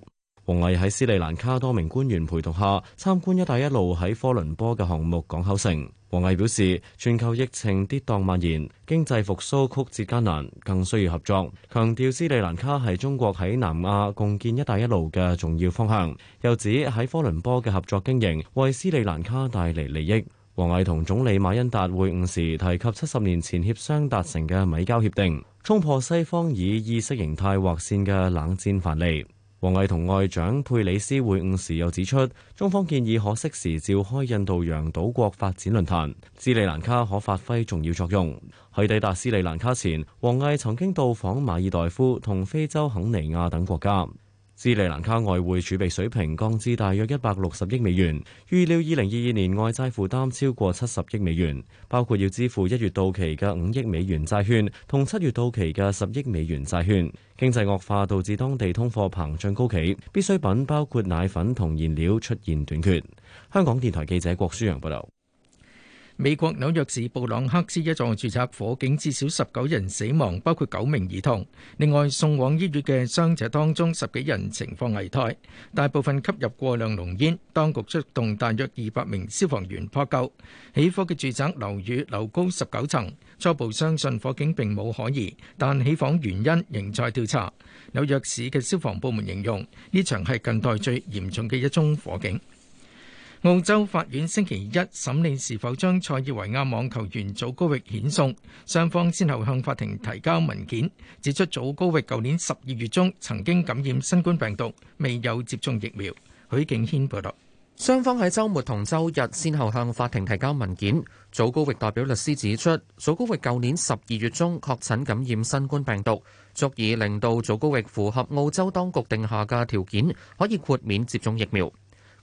王毅喺斯里蘭卡多名官員陪同下參觀一帶一路喺科倫坡嘅項目港口城。王毅表示，全球疫情跌宕蔓延，經濟復甦曲折艱難，更需要合作，強調斯里蘭卡係中國喺南亞共建一帶一路嘅重要方向。又指喺科倫坡嘅合作經營為斯里蘭卡帶嚟利益。王毅同總理馬欣達會晤時提及七十年前協商達成嘅米膠協定，衝破西方以意識形態劃線嘅冷戰範例。王毅同外長佩里斯會晤時又指出，中方建議可適時召開印度洋島國發展論壇，斯里蘭卡可發揮重要作用。喺抵達斯里蘭卡前，王毅曾經到訪馬爾代夫同非洲肯尼亞等國家。斯里蘭卡外匯儲備水平降至大約一百六十億美元，預料二零二二年外債負擔超過七十億美元，包括要支付一月到期嘅五億美元債券同七月到期嘅十億美元債券。經濟惡化導致當地通貨膨脹高企，必需品包括奶粉同燃料出現短缺。香港電台記者郭書陽報道。美國紐約市布朗克斯一座住宅火警，至少十九人死亡，包括九名兒童。另外送往醫院嘅傷者當中，十幾人情況危殆，大部分吸入過量濃煙。當局出動大約二百名消防員撲救。起火嘅住宅樓宇樓高十九層，初步相信火警並冇可疑，但起火原因仍在調查。紐約市嘅消防部門形容呢場係近代最嚴重嘅一宗火警。澳洲法院星期一審理是否將塞爾維亞網球員祖高域遣送。雙方先後向法庭提交文件，指出祖高域舊年十二月中曾經感染新冠病毒，未有接種疫苗。許敬軒報道。雙方喺周末同周日先後向法庭提交文件。祖高域代表律師指出，祖高域舊年十二月中確診感染新冠病毒，足以令到祖高域符合澳洲當局定下嘅條件，可以豁免接種疫苗。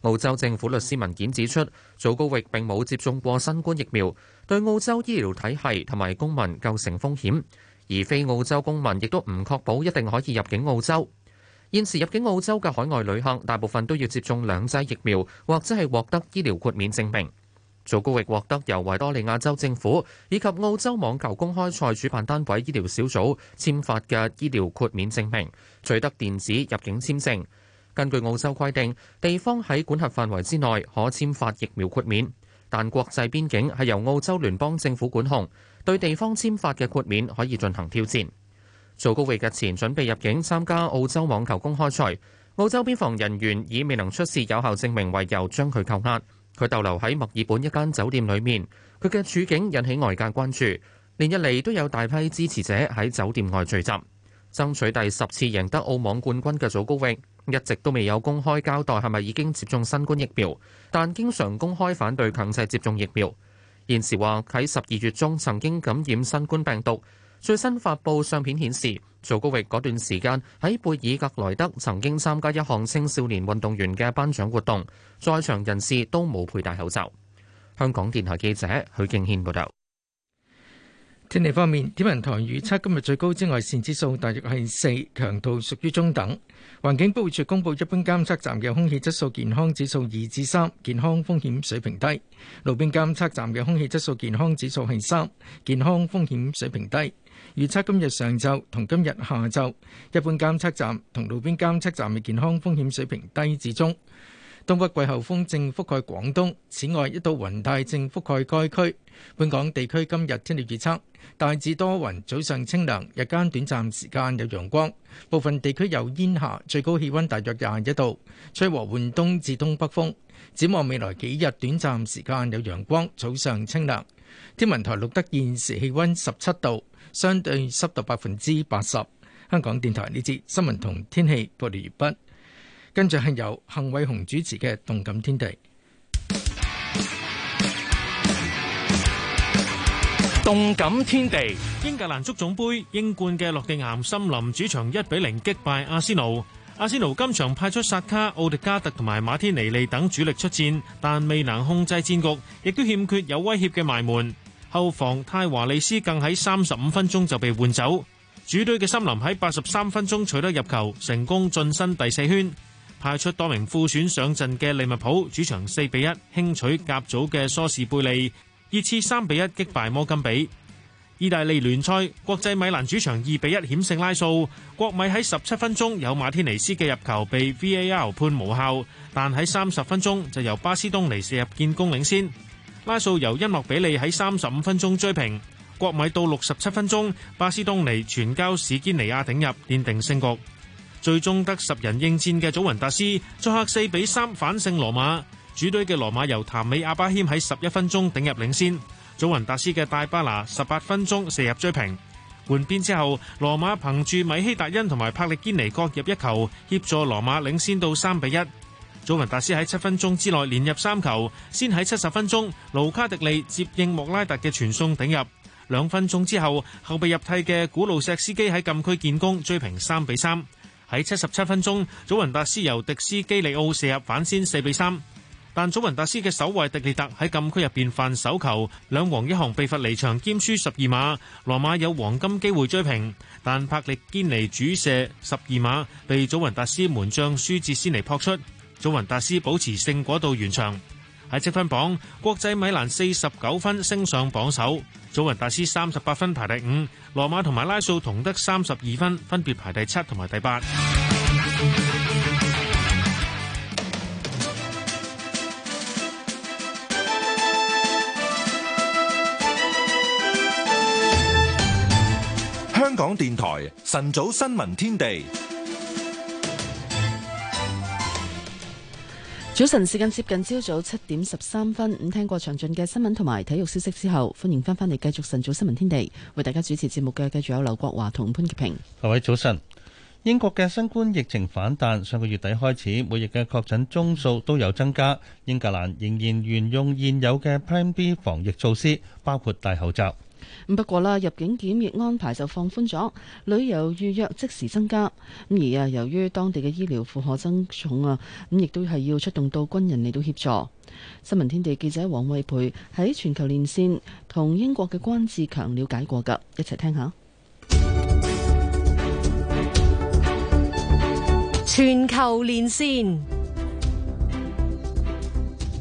澳洲政府律師文件指出，祖高域並冇接種過新冠疫苗，對澳洲醫療體系同埋公民構成風險。而非澳洲公民亦都唔確保一定可以入境澳洲。現時入境澳洲嘅海外旅客大部分都要接種兩劑疫苗，或者係獲得醫療豁免證明。祖高域獲得由維多利亞州政府以及澳洲網球公開賽主辦單位醫療小組簽發嘅醫療豁免證明，取得電子入境簽證。根據澳洲規定，地方喺管轄範圍之內可簽發疫苗豁免，但國際邊境係由澳洲聯邦政府管控，對地方簽發嘅豁免可以進行挑戰。祖高域日前準備入境參加澳洲網球公開賽，澳洲邊防人員以未能出示有效證明為由將佢扣押，佢逗留喺墨爾本一間酒店裏面，佢嘅處境引起外界關注，連日嚟都有大批支持者喺酒店外聚集。爭取第十次贏得澳網冠軍嘅祖高域，一直都未有公開交代係咪已經接種新冠疫苗，但經常公開反對強制接種疫苗。現時話喺十二月中曾經感染新冠病毒。最新發布相片顯示，祖高域嗰段時間喺貝爾格萊德曾經參加一項青少年運動員嘅頒獎活動，在場人士都冇佩戴口罩。香港電台記者許敬軒報道。天氣方面，天文台預測今日最高紫外線指數大約係四，強度屬於中等。環境保護署公布，一般監測站嘅空氣質素健康指數二至三，3，健康風險水平低；路邊監測站嘅空氣質素健康指數係三，健康風險水平低。預測今日上晝同今日下晝，一般監測站同路邊監測站嘅健康風險水平低至中。東北季候風正覆蓋廣東，此外一道雲帶正覆蓋該區。本港地區今日天氣預測。大致多雲，早上清涼，日間短暫時間有陽光，部分地區有煙霞，最高氣溫大約廿一度，吹和緩東至東北風。展望未來幾日，短暫時間有陽光，早上清涼。天文台錄得現時氣溫十七度，相對濕度百分之八十。香港電台呢節新聞同天氣報道完畢，跟住係由幸偉雄主持嘅《動感天地》。動感天地。英格蘭足總盃英冠的諾定咸森林主場1比0擊敗阿仙奴。阿仙奴今場派出薩卡、奧迪加特同埋馬天尼利等主力出戰，但未能控制戰局，亦都欠缺有威脅的埋門，後防泰華利斯更喺35分鐘就被換走。主隊的森林喺83分鐘取得入球，成功晉身第四圈。派出多名複選上陣的利物浦主場4比1輕取甲組的蘇士貝利。熱刺三比一擊敗摩根比，意大利聯賽國際米蘭主場二比一險勝拉素。國米喺十七分鐘有馬天尼斯嘅入球被 VAR 判無效，但喺三十分鐘就由巴斯東尼射入建功領先。拉素由恩諾比利喺三十五分鐘追平。國米到六十七分鐘，巴斯東尼傳交史堅尼亞頂入奠定勝局。最終得十人應戰嘅祖雲達斯作客四比三反勝羅馬。主隊嘅羅馬由譚美阿巴謙喺十一分鐘頂入領先，祖雲達斯嘅戴巴拿十八分鐘射入追平。換邊之後，羅馬憑住米希達恩同埋帕力堅尼各入一球協助羅馬領先到三比一。祖雲達斯喺七分鐘之內連入三球，先喺七十分鐘盧卡迪利接應莫拉特嘅傳送頂入，兩分鐘之後，後備入替嘅古路石斯基喺禁區建功追平三比三。喺七十七分鐘，祖雲達斯由迪斯基利奧射入反先四比三。但祖雲達斯嘅守衛迪列特喺禁區入邊犯手球，兩黃一紅被罰離場兼輸十二碼。羅馬有黃金機會追平，但柏力堅尼主射十二碼被祖雲達斯門將舒哲斯尼撲出。祖雲達斯保持勝果到完場。喺積分榜，國際米蘭四十九分升上榜首，祖雲達斯三十八分排第五，羅馬同埋拉素同得三十二分，分別排第七同埋第八。香港電台晨早新聞天地，早晨時間接近朝早七點十三分。咁聽過詳盡嘅新聞同埋體育消息之後，歡迎翻翻嚟繼續晨早新聞天地，為大家主持節目嘅繼續有劉國華同潘潔平。各位早晨，英國嘅新冠疫情反彈，上個月底開始，每日嘅確診宗數都有增加。英格蘭仍然沿用現有嘅 Plan B 防疫措施，包括戴口罩。不過啦，入境檢疫安排就放寬咗，旅遊預約即時增加。咁而啊，由於當地嘅醫療負荷增重啊，咁亦都係要出動到軍人嚟到協助。新聞天地記者黃惠培喺全球連線同英國嘅關志強了解過噶，一齊聽下。全球連線。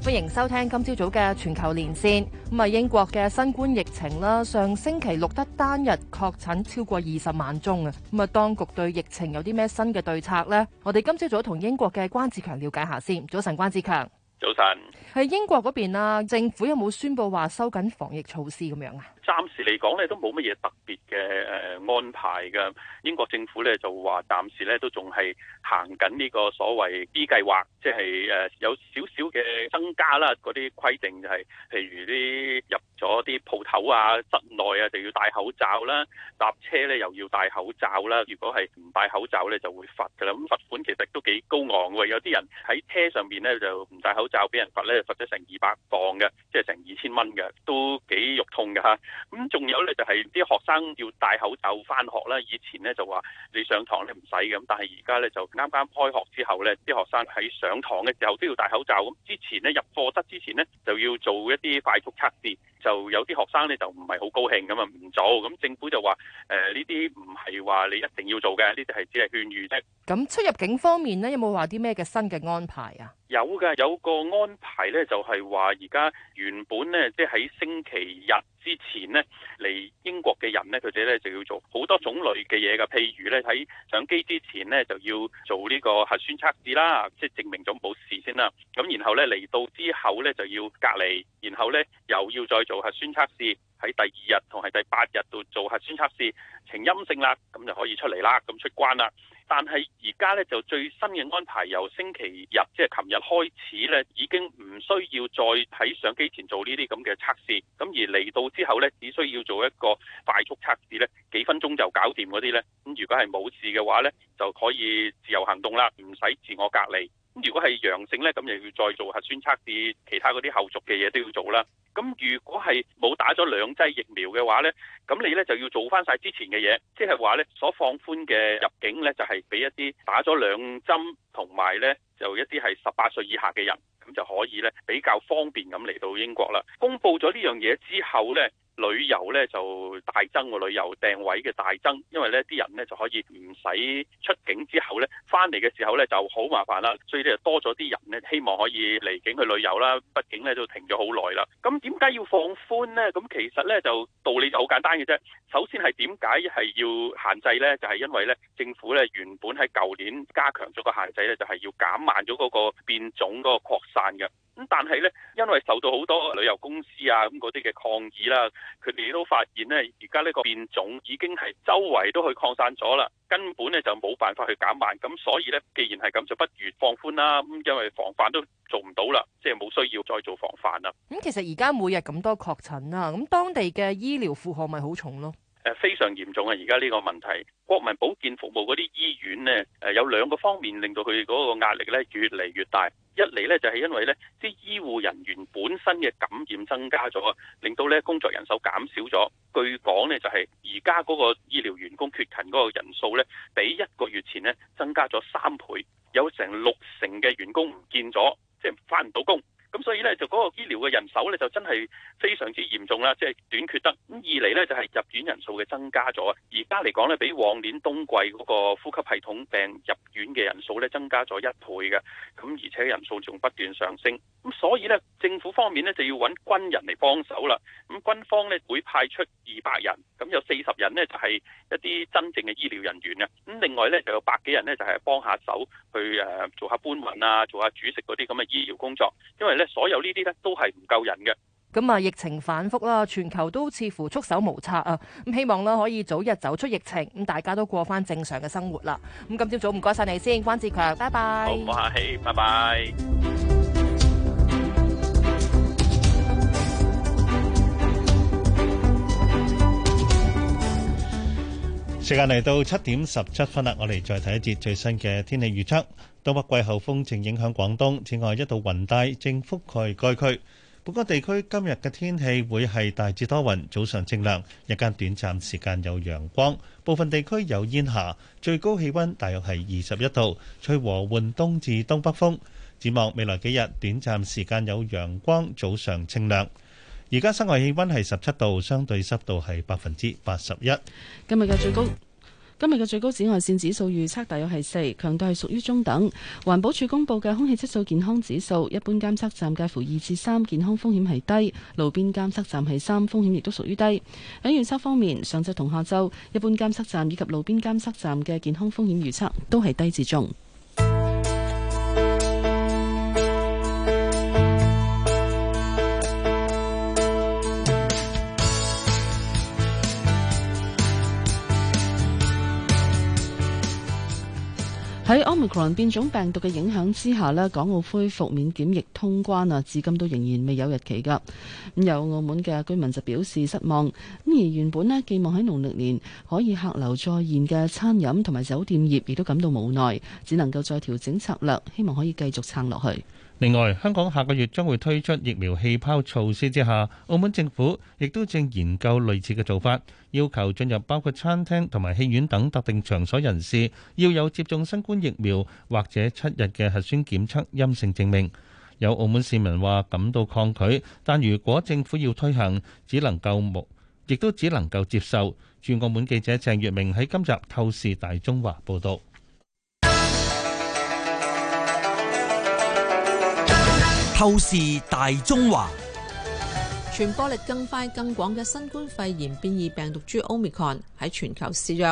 歡迎收聽今朝早嘅全球連線。咁啊，英國嘅新冠疫情啦，上星期錄得單日確診超過二十萬宗啊。咁啊，當局對疫情有啲咩新嘅對策呢？我哋今朝早同英國嘅關志強了解下先。早晨，關志強。早晨。喺英國嗰邊啦，政府有冇宣布話收緊防疫措施咁樣啊？暫時嚟講咧都冇乜嘢特別嘅誒安排嘅，英國政府咧就話暫時咧都仲係行緊呢個所謂 B 計劃，即係誒有少少嘅增加啦，嗰啲規定就係，譬如啲入咗啲鋪頭啊、室內啊就要戴口罩啦，搭車咧又要戴口罩啦，如果係唔戴口罩咧就會罰㗎啦。咁罰款其實都幾高昂喎，有啲人喺車上面咧就唔戴口罩俾人罰咧罰咗成二百鎊嘅，即係成二千蚊嘅，都幾肉痛㗎吓。咁仲有咧就係啲學生要戴口罩返學啦。以前咧就話你上堂你唔使嘅，咁但係而家咧就啱啱開學之後咧，啲學生喺上堂嘅時候都要戴口罩。咁之前咧入課室之前咧就要做一啲快速測試，就有啲學生咧就唔係好高興咁啊，唔做。咁政府就話誒呢啲唔係話你一定要做嘅，呢啲係只係勸喻啫。咁出入境方面咧有冇話啲咩嘅新嘅安排啊？有噶，有個安排咧，就係話而家原本咧，即係喺星期日之前咧嚟英國嘅人咧，佢哋咧就要做好多種類嘅嘢噶。譬如咧喺上機之前咧就要做呢個核酸測試啦，即係證明咗冇事先啦。咁然後咧嚟到之後咧就要隔離，然後咧又要再做核酸測試，喺第二日同係第八日度做核酸測試呈陰性啦，咁就可以出嚟啦，咁出關啦。但係而家咧就最新嘅安排，由星期日即係琴日開始咧，已經唔需要再喺相機前做呢啲咁嘅測試。咁而嚟到之後咧，只需要做一個快速測試咧，幾分鐘就搞掂嗰啲咧。咁如果係冇事嘅話咧，就可以自由行動啦，唔使自我隔離。咁如果係陽性咧，咁又要再做核酸測試，其他嗰啲後續嘅嘢都要做啦。咁如果係冇打咗兩劑疫苗嘅話咧，咁你咧就要做翻晒之前嘅嘢，即係話咧所放寬嘅入境咧就係俾一啲打咗兩針同埋咧就一啲係十八歲以下嘅人，咁就可以咧比較方便咁嚟到英國啦。公佈咗呢樣嘢之後咧。旅遊咧就大增喎，旅遊訂位嘅大增，因為咧啲人咧就可以唔使出境之後咧返嚟嘅時候咧就好麻煩啦，所以咧就多咗啲人咧希望可以離境去旅遊啦，畢竟咧都停咗好耐啦。咁點解要放寬咧？咁其實咧就道理就好簡單嘅啫。首先係點解係要限制咧？就係因為咧政府咧原本喺舊年加強咗個限制咧，就係要減慢咗嗰個變種嗰個擴散嘅。咁但係咧，因為受到好多旅遊公司啊咁嗰啲嘅抗議啦，佢哋都發現咧，而家呢個變種已經係周圍都去擴散咗啦，根本咧就冇辦法去減慢，咁所以咧既然係咁，就不如放寬啦。咁因為防範都做唔到啦，即係冇需要再做防範啦。咁、嗯、其實而家每日咁多確診啊，咁當地嘅醫療負荷咪好重咯？誒非常嚴重啊！而家呢個問題，國民保健服務嗰啲醫院呢，誒有兩個方面令到佢嗰個壓力咧越嚟越大。一嚟呢，就係因為呢啲醫護人員本身嘅感染增加咗啊，令到呢工作人手減少咗。據講呢，就係而家嗰個醫療員工缺勤嗰個人數呢，比一個月前呢增加咗三倍，有成六成嘅員工唔見咗，即係返唔到工。咁所以咧，就嗰個醫療嘅人手咧，就真係非常之嚴重啦，即係短缺得。咁二嚟咧，就係、是、入院人數嘅增加咗。而家嚟講咧，比往年冬季嗰個呼吸系統病入院嘅人數咧，增加咗一倍嘅。咁而且人數仲不斷上升。咁所以咧，政府方面咧就要搵軍人嚟幫手啦。咁軍方咧會派出二百人，咁有四十人呢，就係、是、一啲真正嘅醫療人員啊。咁另外咧就有百幾人咧就係、是、幫下手去誒做下搬運啊、做下煮食嗰啲咁嘅醫療工作，因為咧。所有呢啲咧都係唔夠人嘅。咁啊，疫情反覆啦，全球都似乎束手無策啊。咁希望啦，可以早日走出疫情，咁大家都過返正常嘅生活啦。咁今朝早唔該晒你先，關志強，拜拜。好，唔好客氣，拜拜。時間嚟到七點十七分啦，我哋再睇一節最新嘅天氣預測。東北季候風正影響廣東，此外一道雲帶正覆蓋該區。本港地區今日嘅天氣會係大致多雲，早上清涼，日間短暫時間有陽光，部分地區有煙霞，最高氣溫大約係二十一度，吹和緩東至東北風。展望未來幾日，短暫時間有陽光，早上清涼。而家室外氣溫係十七度，相對濕度係百分之八十一。今日嘅最高今日嘅最高紫外線指數預測大約係四，強度係屬於中等。環保署公布嘅空氣質素健康指數，一般監測站介乎二至三，健康風險係低；路邊監測站係三，風險亦都屬於低。喺預測方面，上晝同下晝，一般監測站以及路邊監測站嘅健康風險預測都係低至中。喺 Omicron 變種病毒嘅影響之下呢，港澳恢復免檢疫通關啊，至今都仍然未有日期噶。咁有澳門嘅居民就表示失望，咁而原本呢寄望喺農曆年可以客流再現嘅餐飲同埋酒店業，亦都感到無奈，只能夠再調整策略，希望可以繼續撐落去。另外，香港下個月將會推出疫苗氣泡措施之下，澳門政府亦都正研究類似嘅做法，要求進入包括餐廳同埋戲院等特定場所人士，要有接種新冠疫苗，或者7日嘅核酸檢測陰性證明。有澳門市民話感到抗拒，但如果政府要推行，只能夠冇，亦都只能夠接受。駐澳門記者鄭月明喺今集透視大中華報道。透視大中華。傳播力更快更廣嘅新冠肺炎變異病毒株 Omicron 喺全球肆虐，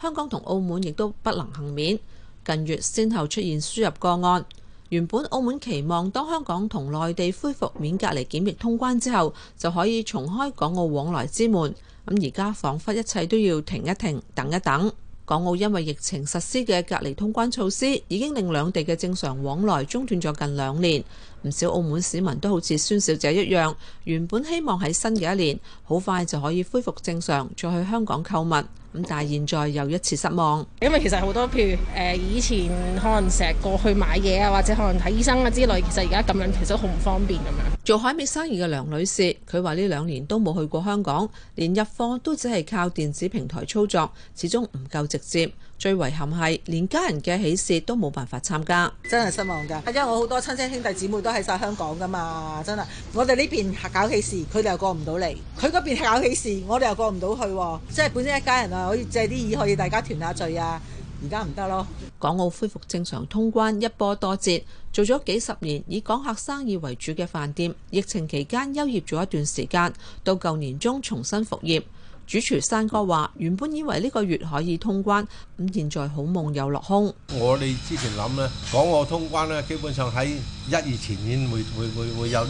香港同澳門亦都不能幸免。近月先後出現輸入個案，原本澳門期望當香港同內地恢復免隔離檢疫通關之後，就可以重開港澳往來之門。咁而家仿佛一切都要停一停，等一等。港澳因為疫情實施嘅隔離通關措施，已經令兩地嘅正常往來中斷咗近兩年。唔少澳門市民都好似孫小姐一樣，原本希望喺新嘅一年好快就可以恢復正常，再去香港購物。咁但係現在又一次失望，因為其實好多譬如誒以前，呃、以前可能成日過去買嘢啊，或者可能睇醫生啊之類，其實而家咁樣其實好唔方便咁樣。做海味生意嘅梁女士，佢話呢兩年都冇去過香港，連入貨都只係靠電子平台操作，始終唔夠直接。最遺憾係連家人嘅喜事都冇辦法參加，真係失望噶，因為我好多親戚兄弟姊妹都喺晒香港噶嘛，真係。我哋呢邊搞喜事，佢哋又過唔到嚟，佢嗰邊搞喜事，我哋又過唔到去。即係本身一家人啊。可以借啲意可以大家團下聚啊！而家唔得咯。港澳恢復正常通關一波多折，做咗幾十年以港客生意為主嘅飯店，疫情期間休業咗一段時間，到舊年中重新復業。主廚山哥話，原本以為呢個月可以通關，咁現在好夢又落空。我哋之前諗咧，港澳通關咧，基本上喺一二前面會會會會有有呢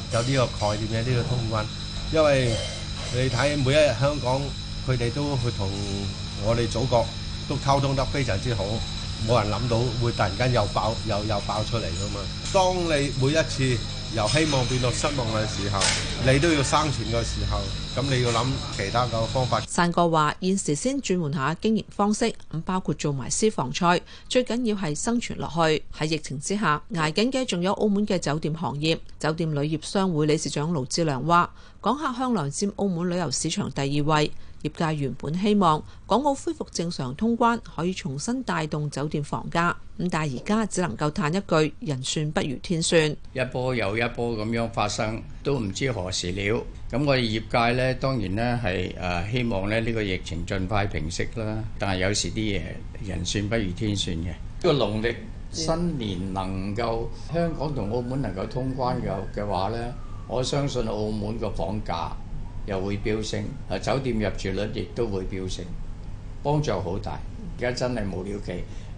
個概念嘅呢個通關，因為你睇每一日香港佢哋都去同。我哋祖國都溝通得非常之好，冇人諗到會突然間又爆又又爆出嚟㗎嘛。當你每一次由希望變到失望嘅時候，你都要生存嘅時候，咁你要諗其他嘅方法。散哥話：現時先轉換下經營方式，咁包括做埋私房菜，最緊要係生存落去。喺疫情之下，挨緊嘅仲有澳門嘅酒店行業。酒店旅業商會理事長盧志良話：港客向來佔澳門旅遊市場第二位。業界原本希望港澳恢復正常通關可以重新帶動酒店房價，咁但係而家只能夠嘆一句人算不如天算，一波又一波咁樣發生，都唔知何時了。咁我哋業界呢，當然呢係誒希望咧呢個疫情盡快平息啦，但係有時啲嘢人算不如天算嘅。呢、這個農曆新年能夠香港同澳門能夠通關嘅嘅話呢，嗯、我相信澳門嘅房價。又會飆升，誒酒店入住率亦都會飆升，幫助好大。而家真係無了期，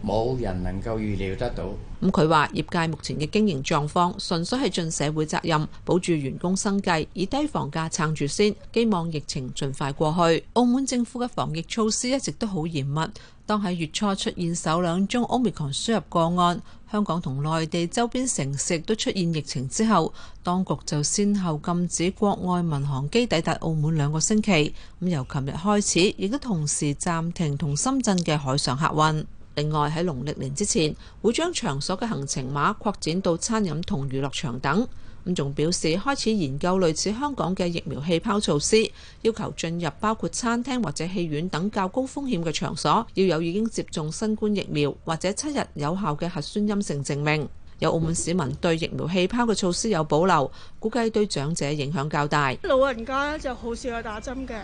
冇人能夠預料得到。咁佢話：業界目前嘅經營狀況純粹係盡社會責任，保住員工生計，以低房價撐住先，希望疫情盡快過去。澳門政府嘅防疫措施一直都好嚴密，當喺月初出現首兩宗 Omicron 輸入個案，香港同內地周邊城市都出現疫情之後，當局就先後禁止國外民航機抵達澳門兩個星期。咁由琴日開始，亦都同時暫停同深圳嘅海上客運。另外喺農曆年之前，會將場所嘅行程碼擴展到餐飲同娛樂場等。咁仲表示開始研究類似香港嘅疫苗氣泡措施，要求進入包括餐廳或者戲院等較高風險嘅場所，要有已經接種新冠疫苗或者七日有效嘅核酸陰性證明。有澳門市民對疫苗氣泡嘅措施有保留，估計對長者影響較大。老人家就好少去打針嘅，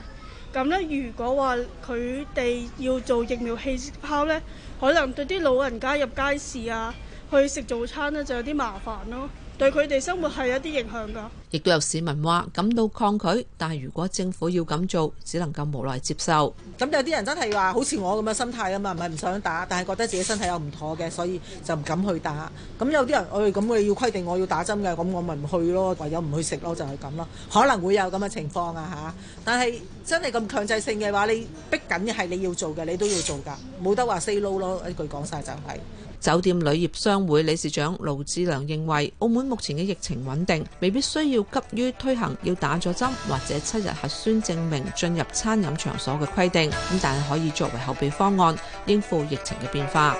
咁咧如果話佢哋要做疫苗氣泡咧，可能對啲老人家入街市啊，去食早餐咧就有啲麻煩咯。對佢哋生活係有啲影響噶，亦都有市民話感到抗拒，但係如果政府要咁做，只能夠無奈接受。咁有啲人真係話好似我咁嘅心態啊嘛，唔係唔想打，但係覺得自己身體有唔妥嘅，所以就唔敢去打。咁有啲人，哎，咁我要規定我要打針嘅，咁我咪唔去咯，唯有唔去食咯，就係咁咯。可能會有咁嘅情況啊嚇，但係真係咁強制性嘅話，你逼緊係你要做嘅，你都要做㗎，冇得話 say no 咯，一句講晒就係。酒店旅業商會理事長盧志良認為，澳門目前嘅疫情穩定，未必需要急於推行要打咗針或者七日核酸證明進入餐飲場所嘅規定，咁但係可以作為後備方案，應付疫情嘅變化。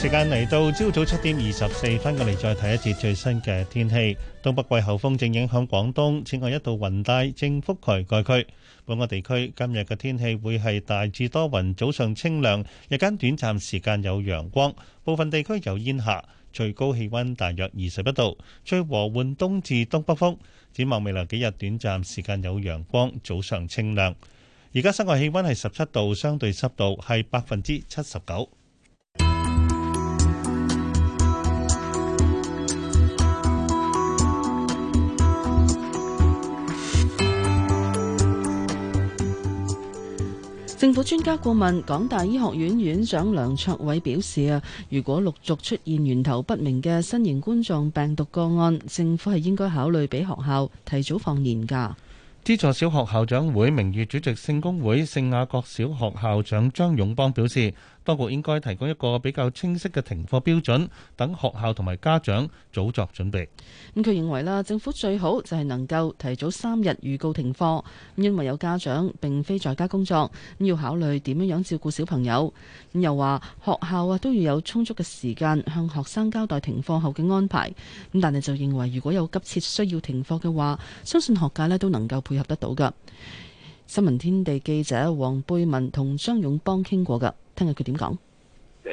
時間嚟到朝早七點二十四分，翻過嚟再睇一節最新嘅天氣。東北季候風正影響廣東，此外一道雲帶正覆蓋該區。本港地區今日嘅天氣會係大致多雲，早上清涼，日間短暫時間有陽光，部分地區有煙霞。最高氣溫大約二十一度，吹和緩東至東北風。展望未來幾日，短暫時間有陽光，早上清涼。而家室外氣溫係十七度，相對濕度係百分之七十九。政府專家顧問，港大醫學院院長梁卓偉，表示啊，如果陸續出現源頭不明嘅新型冠狀病毒個案，政府係應該考慮俾學校提早放年假。資助小學校長會名譽主席、聖公會聖雅各小學校長張勇邦表示。不過應該提供一個比較清晰嘅停課標準，等學校同埋家長早作準備。咁佢認為啦，政府最好就係能夠提早三日預告停課。因為有家長並非在家工作，咁要考慮點樣樣照顧小朋友。咁又話學校啊都要有充足嘅時間向學生交代停課後嘅安排。咁但係就認為如果有急切需要停課嘅話，相信學界咧都能夠配合得到㗎。新聞天地記者黃貝文同張勇邦傾過㗎。聽日佢點講？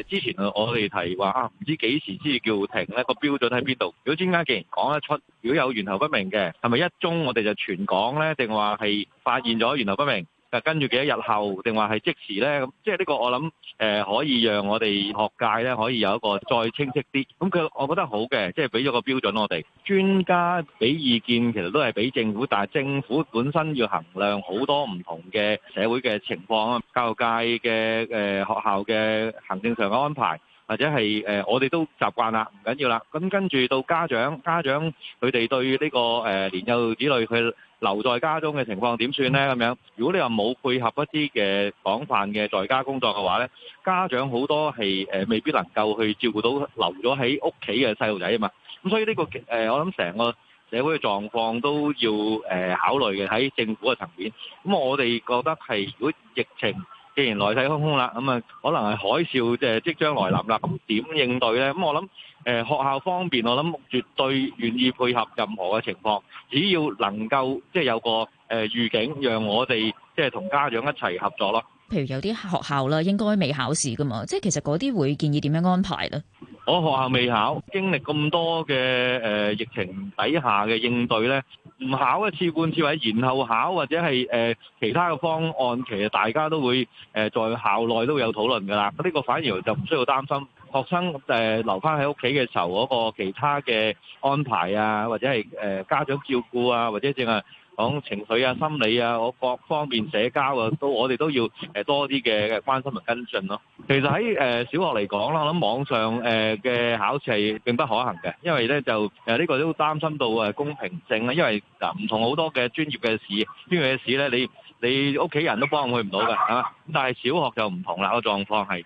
之前我哋提話啊，唔知幾時先至叫停呢個標準喺邊度？如果專家既然講得出，如果有源頭不明嘅，係咪一宗我哋就全港呢？定話係發現咗源頭不明？就跟住幾多日後，定話係即時呢？咁即係呢個我諗誒，可以讓我哋學界咧，可以有一個再清晰啲。咁佢我覺得好嘅，即係俾咗個標準我哋。專家俾意見其實都係俾政府，但係政府本身要衡量好多唔同嘅社會嘅情況啊，教育界嘅誒、呃、學校嘅行政上嘅安排，或者係誒、呃、我哋都習慣啦，唔緊要啦。咁跟住到家長，家長佢哋對呢個誒、呃、年幼子女佢。留在家中嘅情況點算呢？咁樣如果你又冇配合一啲嘅廣泛嘅在家工作嘅話呢，家長好多係誒未必能夠去照顧到留咗喺屋企嘅細路仔啊嘛。咁所以呢、呢個誒、呃，我諗成個社會嘅狀況都要誒、呃、考慮嘅喺政府嘅層面。咁、嗯、我哋覺得係如果疫情，既然來勢洶洶啦，咁、嗯、啊可能係海嘯即係即將來臨啦，咁、嗯、點應對呢？咁、嗯、我諗誒、呃、學校方面，我諗絕對願意配合任何嘅情況，只要能夠即係有個誒預警，讓我哋即係同家長一齊合作咯。譬如有啲學校啦，應該未考試噶嘛？即係其實嗰啲會建議點樣安排咧？我學校未考，經歷咁多嘅誒、呃、疫情底下嘅應對咧，唔考一次半次，或者然後考，或者係誒、呃、其他嘅方案，其實大家都會誒在、呃、校內都有討論噶啦。呢、這個反而就唔需要擔心學生誒、呃、留翻喺屋企嘅時候嗰、那個其他嘅安排啊，或者係誒、呃、家長照顧啊，或者淨係啊。講情緒啊、心理啊，我各方面社交啊，都我哋都要誒、呃、多啲嘅嘅關心同跟進咯、啊。其實喺誒、呃、小學嚟講啦，我諗、呃、網上誒嘅、呃、考試係並不可行嘅，因為咧就誒呢、呃這個都擔心到誒公平性啦。因為嗱唔同好多嘅專業嘅試，專業嘅試咧你你屋企人都幫佢唔到嘅啊，但係小學就唔同啦個狀況係。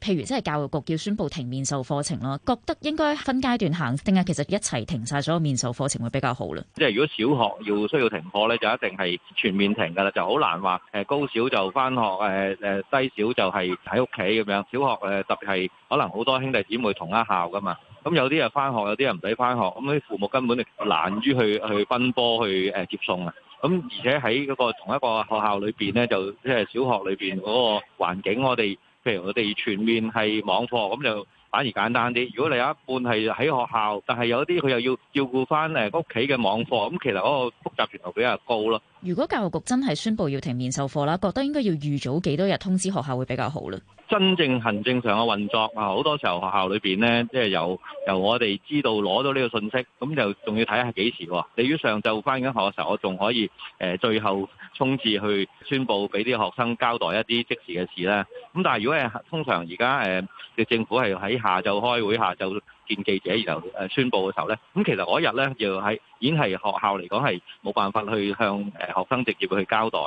譬如即係教育局要宣布停面授課程咯，覺得應該分階段行，定係其實一齊停晒所有面授課程會比較好啦？即係如果小學要需要停課咧，就一定係全面停噶啦，就好難話誒高小就翻學，誒誒低小就係喺屋企咁樣。小學誒特別係可能好多兄弟姊妹同一校噶嘛，咁有啲又翻學，有啲又唔使翻學，咁啲父母根本就難於去去奔波去誒接送啊。咁而且喺嗰個同一個學校裏邊咧，就即係小學裏邊嗰個環境我，我哋。譬如我哋全面係網課，咁就反而簡單啲。如果你有一半係喺學校，但係有啲佢又要照顧返誒屋企嘅網課，咁其實嗰個複雜程度比較高咯。如果教育局真係宣布要停面授課啦，覺得應該要預早幾多日通知學校會比較好啦。真正行政上嘅運作啊，好多時候學校裏邊咧，即係由由我哋知道攞到呢個信息，咁就仲要睇下幾時。你於上晝翻緊學嘅時候，我仲可以誒、呃、最後衝刺去宣布俾啲學生交代一啲即時嘅事咧。咁但係如果係通常而家誒，嘅、呃、政府係喺下晝開會，下晝。見記者然後誒宣佈嘅時候咧，咁其實嗰日咧又喺已經係學校嚟講係冇辦法去向誒學生直接去交代，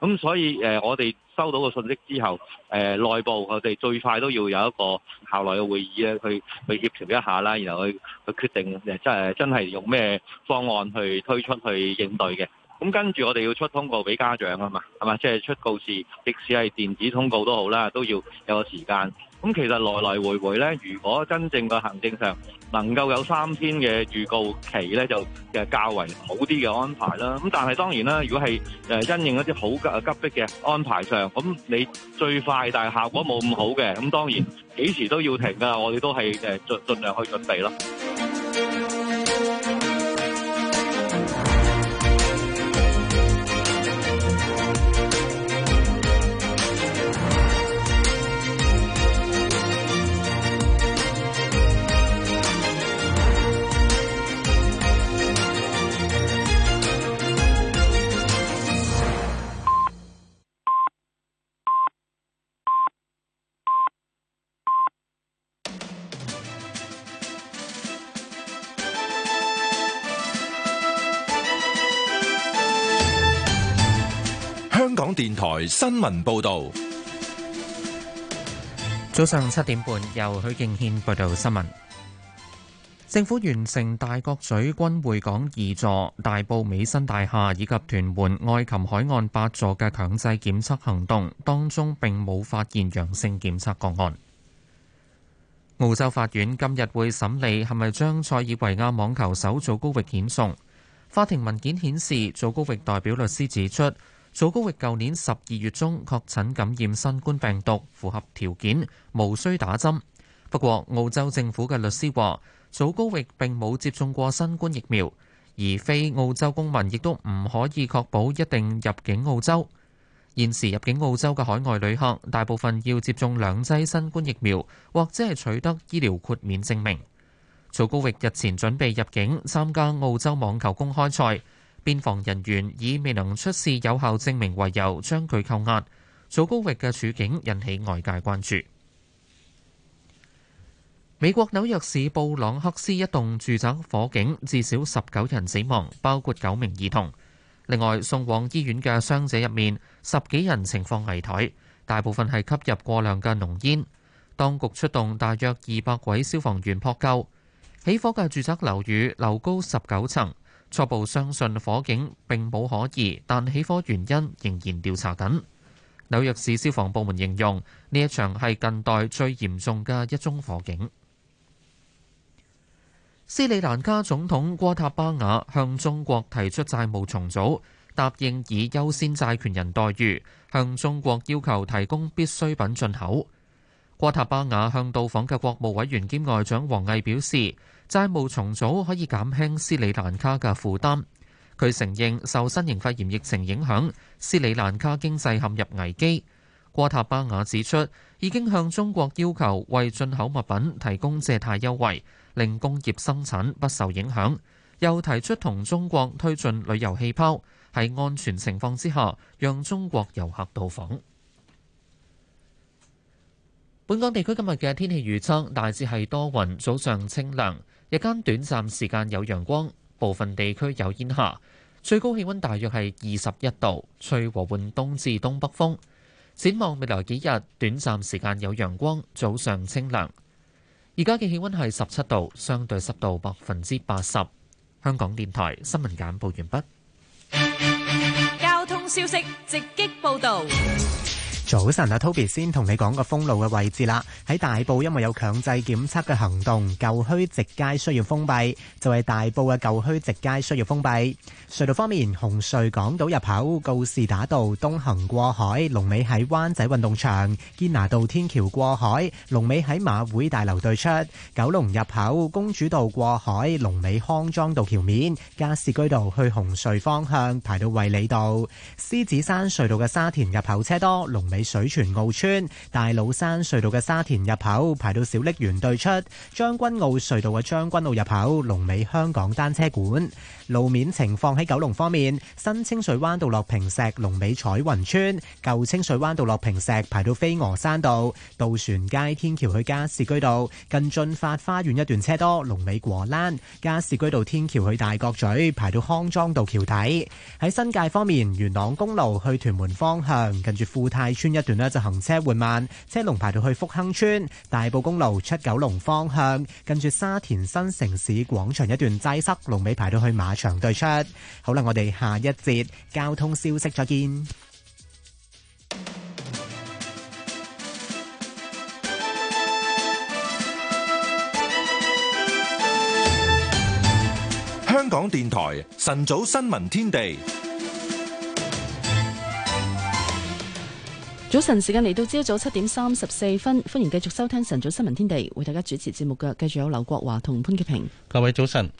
咁所以誒我哋收到個信息之後，誒、呃、內部我哋最快都要有一個校內嘅會議咧，去去協調一下啦，然後去去決定誒真係真係用咩方案去推出去應對嘅。咁跟住我哋要出通告俾家長啊嘛，係嘛，即係、就是、出告示，即使係電子通告都好啦，都要有個時間。咁其實來來回回咧，如果真正嘅行政上能夠有三天嘅預告期咧，就嘅較為好啲嘅安排啦。咁但係當然啦，如果係誒因應一啲好急急迫嘅安排上，咁你最快但係效果冇咁好嘅，咁當然幾時都要停㗎。我哋都係誒盡盡量去準備咯。台新聞報道，早上七點半由許敬軒報道新聞。政府完成大角咀君匯港二座、大埔美新大廈以及屯門愛琴海岸八座嘅強制檢測行動，當中並冇發現陽性檢測個案。澳洲法院今日會審理係咪將塞爾維亞網球手祖高域遣送。法庭文件顯示，祖高域代表律師指出。祖高域舊年十二月中確診感染新冠病毒，符合條件，無需打針。不過，澳洲政府嘅律師話，祖高域並冇接種過新冠疫苗，而非澳洲公民亦都唔可以確保一定入境澳洲。現時入境澳洲嘅海外旅客，大部分要接種兩劑新冠疫苗，或者係取得醫療豁免證明。祖高域日前準備入境參加澳洲網球公開賽。邊防人員以未能出示有效證明為由將佢扣押，祖高域嘅處境引起外界關注。美國紐約市布朗克斯一棟住宅火警，至少十九人死亡，包括九名兒童。另外送往醫院嘅傷者入面，十幾人情況危殆，大部分係吸入過量嘅濃煙。當局出動大約二百位消防員撲救。起火嘅住宅樓宇樓高十九層。初步相信火警並冇可疑，但起火原因仍然調查緊。紐約市消防部門形容呢一場係近代最嚴重嘅一宗火警。斯里蘭卡總統戈塔巴雅向中國提出債務重組，答應以優先債權人待遇，向中國要求提供必需品進口。戈塔巴雅向到訪嘅國務委員兼外長王毅表示，債務重組可以減輕斯里蘭卡嘅負擔。佢承認受新型肺炎疫情影響，斯里蘭卡經濟陷入危機。瓜塔巴雅指出，已經向中國要求為進口物品提供借貸優惠，令工業生產不受影響。又提出同中國推進旅遊氣泡，喺安全情況之下，讓中國遊客到訪。本港地區今日嘅天氣預測大致係多雲，早上清涼。日間短暫時間有陽光，部分地區有煙霞，最高氣溫大約係二十一度，吹和緩東至東北風。展望未來幾日，短暫時間有陽光，早上清涼。而家嘅氣溫係十七度，相對濕度百分之八十。香港電台新聞簡報完畢。交通消息直擊報道。早晨啊，Toby 先同你講個封路嘅位置啦。喺大埔，因為有強制檢測嘅行動，舊墟直街需要封閉，就係大埔嘅舊墟直街需要封閉。隧道方面，紅隧港島入口告士打道東行過海，龍尾喺灣仔運動場；堅拿道天橋過海，龍尾喺馬會大樓對出；九龍入口公主道過海，龍尾康莊道橋面；加士居道去紅隧方向，排到衛理道；獅子山隧道嘅沙田入口車多，龍尾。喺水泉澳村、大老山隧道嘅沙田入口排到小瀝源對出，將軍澳隧道嘅將軍澳入口、龍尾香港單車館。路面情況喺九龍方面，新清水灣道落坪石，龍尾彩雲村；舊清水灣道落坪石，排到飛鵝山道；渡船街天橋去加士居道，近進發花園一段車多，龍尾果欄；加士居道天橋去大角咀，排到康莊道橋底。喺新界方面，元朗公路去屯門方向，近住富泰村一段咧就行車緩慢，車龍排到去福亨村；大埔公路出九龍方向，近住沙田新城市廣場一段擠塞，龍尾排到去馬場對出。好啦，我哋下一節交通消息再見。香港電台晨早新聞天地，早晨時間嚟到朝早七點三十四分，歡迎繼續收聽晨早新聞天地，為大家主持節目嘅繼續有劉國華同潘潔平，各位早晨。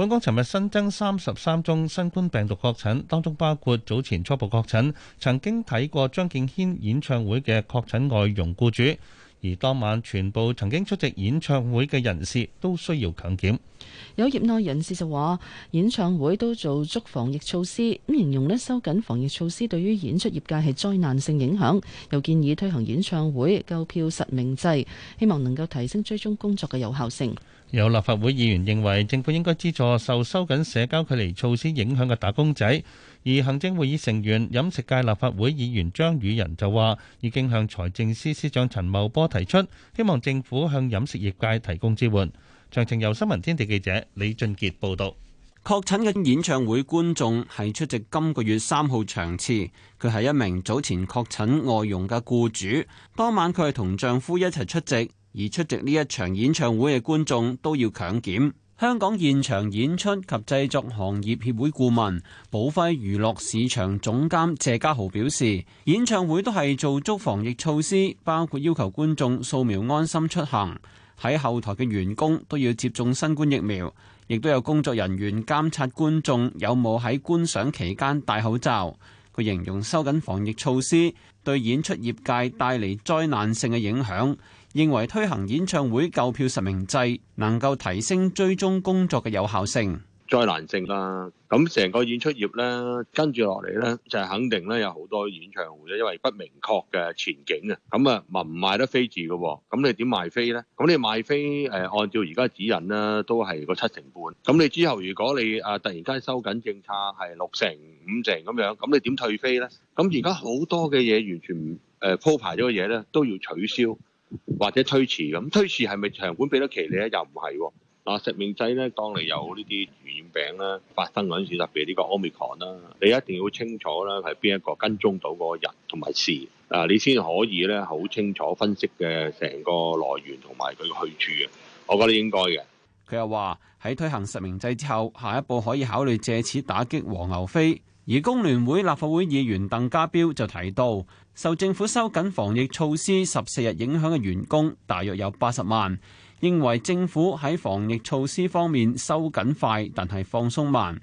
本港尋日新增三十三宗新冠病毒確診，當中包括早前初步確診、曾經睇過張敬軒演唱會嘅確診外傭僱主。而當晚全部曾經出席演唱會嘅人士都需要強檢。有業內人士就話，演唱會都做足防疫措施，咁形容呢收緊防疫措施對於演出業界係災難性影響，又建議推行演唱會購票實名制，希望能夠提升追蹤工作嘅有效性。有立法會議員認為政府應該資助受收緊社交距離措施影響嘅打工仔，而行政會議成員、飲食界立法會議員張宇人就話，已經向財政司司長陳茂波提出，希望政府向飲食業界提供支援。詳情由新聞天地記者李俊傑報道。確診嘅演唱會觀眾係出席今個月三號場次，佢係一名早前確診外傭嘅僱主，當晚佢係同丈夫一齊出席。而出席呢一場演唱會嘅觀眾都要強檢。香港現場演出及製作行業協會顧問、寶輝娛樂市場總監謝家豪表示，演唱會都係做足防疫措施，包括要求觀眾掃描安心出行，喺後台嘅員工都要接種新冠疫苗，亦都有工作人員監察觀眾有冇喺觀賞期間戴口罩。佢形容收緊防疫措施對演出業界帶嚟災難性嘅影響。認為推行演唱會購票實名制能夠提升追蹤工作嘅有效性、災難性啦。咁成個演出業咧，跟住落嚟咧就係肯定咧有好多演唱會咧，因為不明確嘅前景啊。咁啊，唔賣得飛住嘅，咁你點賣飛咧？咁你賣飛誒，按照而家指引咧，都係個七成半。咁你之後如果你啊突然間收緊政策係六成五成咁樣，咁你點退飛咧？咁而家好多嘅嘢完全誒鋪排咗嘅嘢咧，都要取消。或者推遲咁，推遲係咪場館畀得其利咧？又唔係喎。嗱，實名制咧，當你有呢啲傳染病啦發生嗰陣時，特別係呢個 Omicron 啦，你一定要清楚啦，係邊一個跟蹤到嗰個人同埋事，嗱，你先可以咧好清楚分析嘅成個來源同埋佢嘅去處嘅。我覺得應該嘅。佢又話喺推行實名制之後，下一步可以考慮借此打擊黃牛飛。而工聯會立法會議員鄧家彪就提到。受政府收緊防疫措施十四日影響嘅員工大約有八十萬，認為政府喺防疫措施方面收緊快，但係放鬆慢。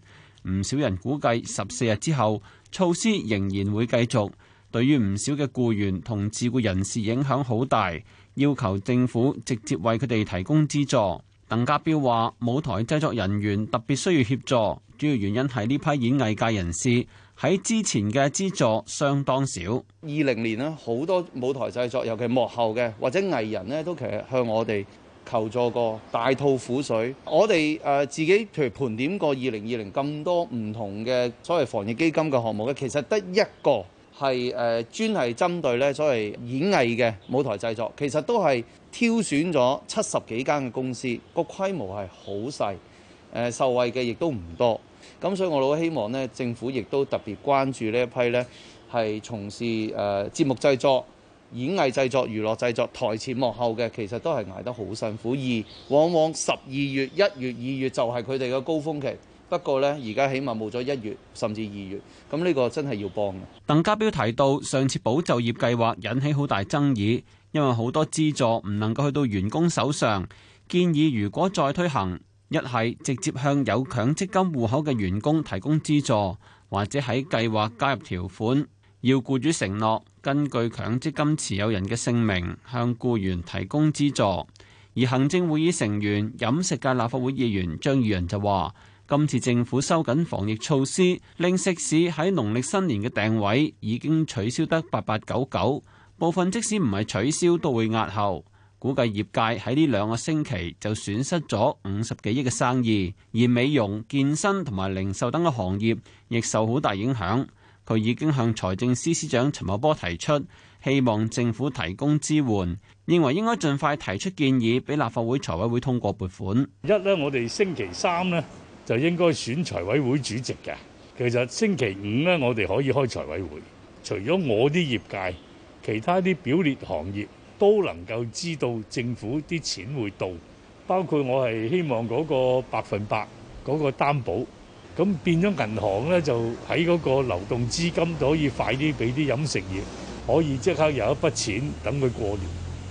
唔少人估計十四日之後措施仍然會繼續，對於唔少嘅雇員同自雇人士影響好大，要求政府直接為佢哋提供資助。鄧家彪話舞台製作人員特別需要協助，主要原因係呢批演藝界人士。喺之前嘅資助相當少。二零年咧，好多舞台製作，尤其幕後嘅或者藝人咧，都其實向我哋求助過，大吐苦水。我哋誒自己譬如盤點過二零二零咁多唔同嘅所謂防疫基金嘅項目咧，其實得一個係誒專係針對咧所謂演藝嘅舞台製作，其實都係挑選咗七十幾間嘅公司，個規模係好細，誒受惠嘅亦都唔多。咁所以我老希望咧，政府亦都特別關注呢一批咧，係從事誒節目製作、演藝製作、娛樂製作、台前幕後嘅，其實都係捱得好辛苦。而往往十二月、一月、二月就係佢哋嘅高峰期。不過呢，而家起碼冇咗一月，甚至二月。咁呢個真係要幫。鄧家彪提到上次保就業計劃引起好大爭議，因為好多資助唔能夠去到員工手上。建議如果再推行。一係直接向有強積金戶口嘅員工提供資助，或者喺計劃加入條款，要雇主承諾根據強積金持有人嘅姓名向雇員提供資助。而行政會議成員、飲食界立法會議員張宇人就話：今次政府收緊防疫措施，令食肆喺農曆新年嘅訂位已經取消得八八九九，部分即使唔係取消都會押後。估計業界喺呢兩個星期就損失咗五十幾億嘅生意，而美容、健身同埋零售等嘅行業亦受好大影響。佢已經向財政司司長陳茂波提出，希望政府提供支援，認為應該盡快提出建議俾立法會財委會通過撥款。一呢，我哋星期三呢，就應該選財委會主席嘅。其實星期五呢，我哋可以開財委會，除咗我啲業界，其他啲表列行業。都能夠知道政府啲錢會到，包括我係希望嗰個百分百嗰個擔保，咁變咗銀行咧就喺嗰個流動資金都可以快啲俾啲飲食業可以即刻有一筆錢等佢過年，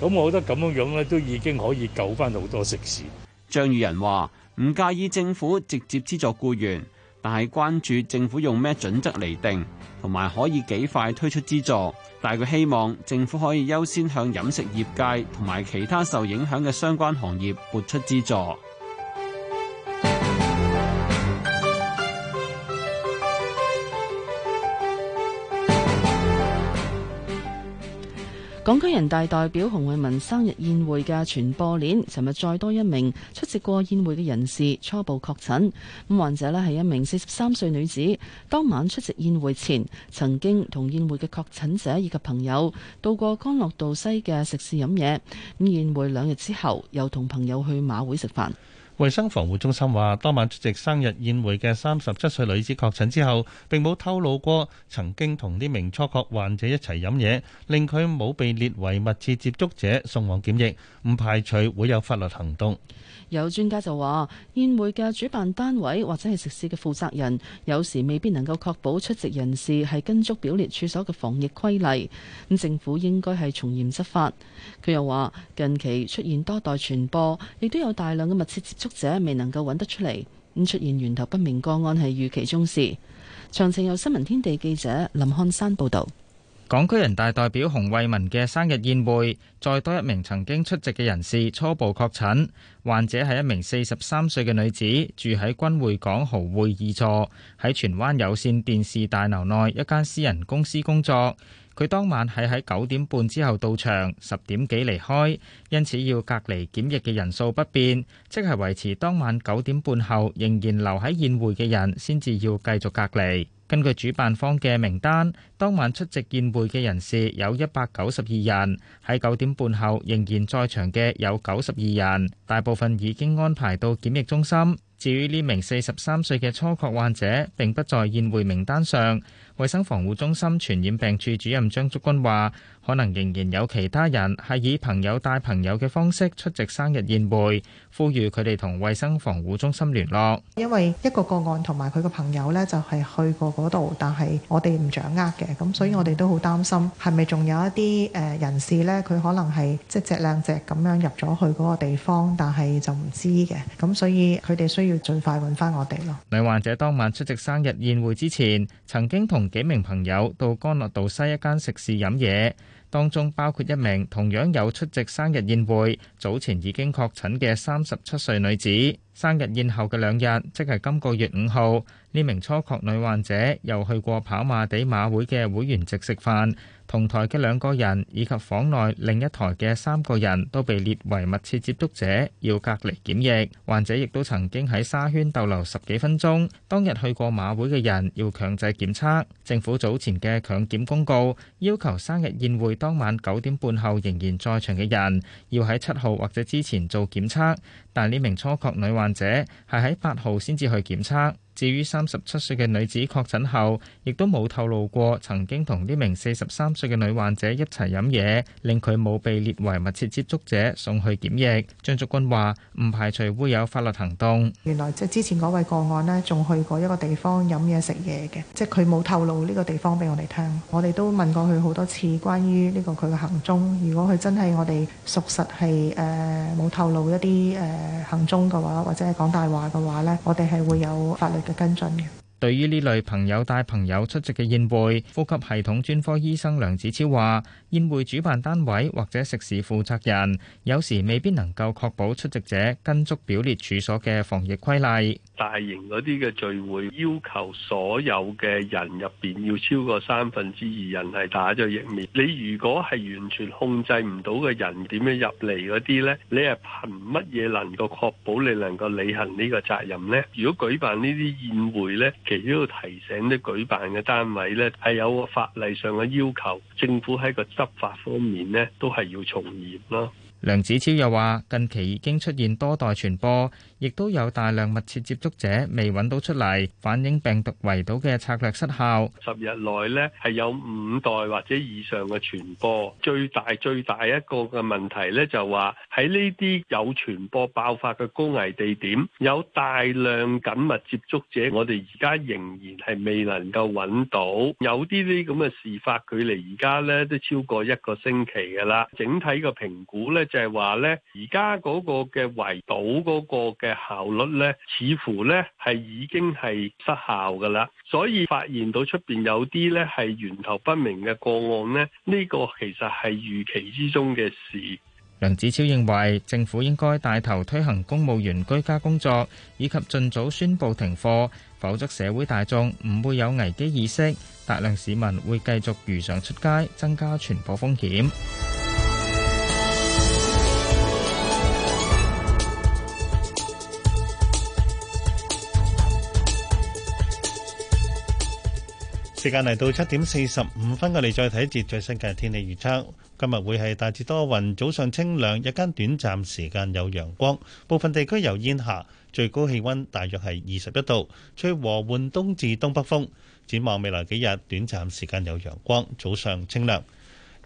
咁我覺得咁樣樣咧都已經可以救翻好多食肆。張裕仁話唔介意政府直接資助雇員。但係關注政府用咩準則嚟定，同埋可以幾快推出資助。但係佢希望政府可以優先向飲食業界同埋其他受影響嘅相關行業撥出資助。港區人大代表洪為民生日宴會嘅傳播鏈，尋日再多一名出席過宴會嘅人士初步確診。咁患者咧係一名四十三歲女子，當晚出席宴會前曾經同宴會嘅確診者以及朋友到過康樂道西嘅食肆飲嘢。咁宴會兩日之後，又同朋友去馬會食飯。衛生防護中心話，當晚出席生日宴會嘅三十七歲女子確診之後，並冇透露過曾經同呢名初確患者一齊飲嘢，令佢冇被列為密切接觸者送往檢疫，唔排除會有法律行動。有專家就話，宴會嘅主辦單位或者係食肆嘅負責人，有時未必能夠確保出席人士係跟足表列處所嘅防疫規例。咁政府應該係從嚴執法。佢又話，近期出現多代傳播，亦都有大量嘅密切接觸。者未能夠揾得出嚟，咁出現源頭不明個案係預期中事。詳情由新聞天地記者林漢山報導。港區人大代表洪為民嘅生日宴會，再多一名曾經出席嘅人士初步確診，患者係一名四十三歲嘅女子，住喺君匯港豪匯二座，喺荃灣有線電視大樓內一間私人公司工作。佢當晚係喺九點半之後到場，十點幾離開，因此要隔離檢疫嘅人數不變，即係維持當晚九點半後仍然留喺宴會嘅人先至要繼續隔離，根據主辦方嘅名單，當晚出席宴會嘅人士有一百九十二人，喺九點半後仍然在場嘅有九十二人，大部分已經安排到檢疫中心。至於呢名四十三歲嘅初確患者，並不在宴會名單上。衛生防護中心傳染病處主任張竹君話。可能仍然有其他人係以朋友帶朋友嘅方式出席生日宴會，呼籲佢哋同衞生防護中心聯絡。因為一個個案同埋佢個朋友咧就係去過嗰度，但係我哋唔掌握嘅，咁所以我哋都好擔心係咪仲有一啲誒人士咧？佢可能係即隻靚隻咁樣入咗去嗰個地方，但係就唔知嘅咁，所以佢哋需要盡快揾翻我哋咯。女患者當晚出席生日宴會之前，曾經同幾名朋友到干諾道西一間食肆飲嘢。當中包括一名同樣有出席生日宴會、早前已經確診嘅三十七歲女子。生日宴後嘅兩日，即係今個月五號，呢名初確女患者又去過跑馬地馬會嘅會員席食飯。同台嘅兩個人以及房內另一台嘅三個人都被列為密切接觸者，要隔離檢疫。患者亦都曾經喺沙圈逗留十幾分鐘，當日去過馬會嘅人要強制檢測，政府早前嘅強檢公告要求生日宴會當晚九點半後仍然在場嘅人要喺七號或者之前做檢測，但呢名初確女患者係喺八號先至去檢測。至於三十七歲嘅女子確診後，亦都冇透露過曾經同呢名四十三歲嘅女患者一齊飲嘢，令佢冇被列為密切接觸者，送去檢疫。張竹君話：唔排除會有法律行動。原來即係之前嗰位個案呢，仲去過一個地方飲嘢食嘢嘅，即係佢冇透露呢個地方畀我哋聽。我哋都問過佢好多次關於呢個佢嘅行蹤。如果佢真係我哋屬實係誒冇透露一啲誒行蹤嘅話，或者係講大話嘅話呢，我哋係會有法律嘅跟進嘅，對於呢類朋友帶朋友出席嘅宴會，呼吸系統專科醫生梁子超話。宴會主辦單位或者食肆負責人，有時未必能夠確保出席者跟足表列處所嘅防疫規例。大型嗰啲嘅聚會，要求所有嘅人入邊要超過三分之二人係打咗疫苗。你如果係完全控制唔到嘅人，點樣入嚟嗰啲咧？你係憑乜嘢能夠確保你能夠履行呢個責任咧？如果舉辦呢啲宴會咧，其實要提醒啲舉辦嘅單位咧，係有個法例上嘅要求，政府喺個執。法方面呢，都係要從嚴咯。梁子超又話，近期已經出現多代傳播。亦都有大量密切接觸者未揾到出嚟，反映病毒圍堵嘅策略失效。十日內咧係有五代或者以上嘅傳播，最大最大一個嘅問題咧就話喺呢啲有傳播爆發嘅高危地點，有大量緊密接觸者，我哋而家仍然係未能夠揾到。有啲啲咁嘅事發距離，而家咧都超過一個星期噶啦。整體嘅評估咧就係話咧，而家嗰個嘅圍堵嗰個，嘅效率咧，似乎咧係已經係失效噶啦，所以發現到出邊有啲咧係源頭不明嘅個案咧，呢個其實係預期之中嘅事。梁子超認為政府應該帶頭推行公務員居家工作，以及盡早宣布停課，否則社會大眾唔會有危機意識，大量市民會繼續如常出街，增加傳播風險。時間嚟到七點四十五分，我哋再睇一節最新嘅天氣預測。今日會係大致多雲，早上清涼，日間短暫時間有陽光，部分地區有煙霞，最高氣温大約係二十一度，吹和緩東至東北風。展望未來幾日，短暫時間有陽光，早上清涼。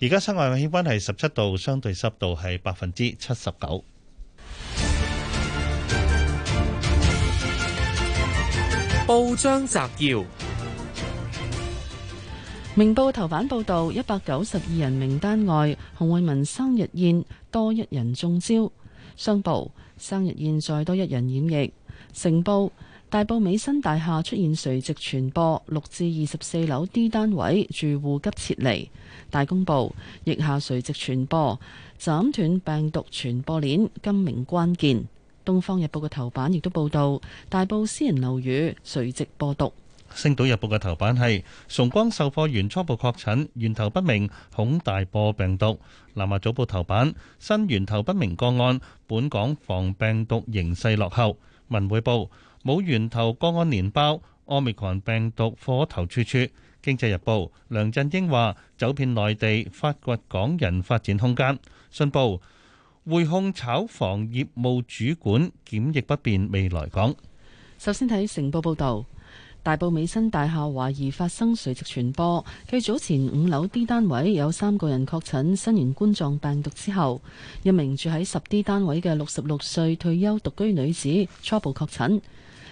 而家室外嘅氣温係十七度，相對濕度係百分之七十九。報章摘要。明報頭版報道，一百九十二人名單外，洪為民生日宴多一人中招。商報生日宴再多一人染疫。成報大埔美新大廈出現垂直傳播，六至二十四樓 D 單位住戶急撤離。大公報疫下垂直傳播，斬斷病毒傳播鏈，今明關鍵。東方日報嘅頭版亦都報道，大埔私人樓宇垂直播毒。星島日報嘅頭版係崇光售貨員初步確診，源頭不明，恐大波病毒。南華早報頭版新源頭不明個案，本港防病毒形勢落後。文匯報冇源頭個案連包，奧密克戎病毒火頭處處。經濟日報梁振英話走遍內地，發掘港人發展空間。信報匯控炒房業務主管檢疫不便，未來港。首先睇成報報道。大埔美新大廈懷疑發生垂直傳播。繼早前五樓 D 單位有三個人確診新型冠狀病毒之後，一名住喺十 D 單位嘅六十六歲退休獨居女子初步確診。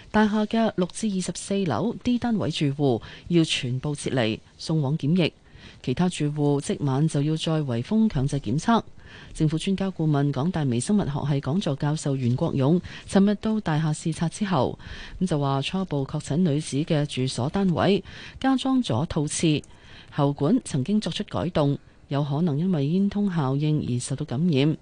大廈嘅六至二十四樓 D 單位住戶要全部撤離，送往檢疫；其他住戶即晚就要再圍封強制檢測。政府專家顧問、港大微生物學系講座教授袁國勇，尋日到大廈視察之後，咁就話初步確診女子嘅住所單位加裝咗套廁喉管，曾經作出改動，有可能因為煙通效應而受到感染。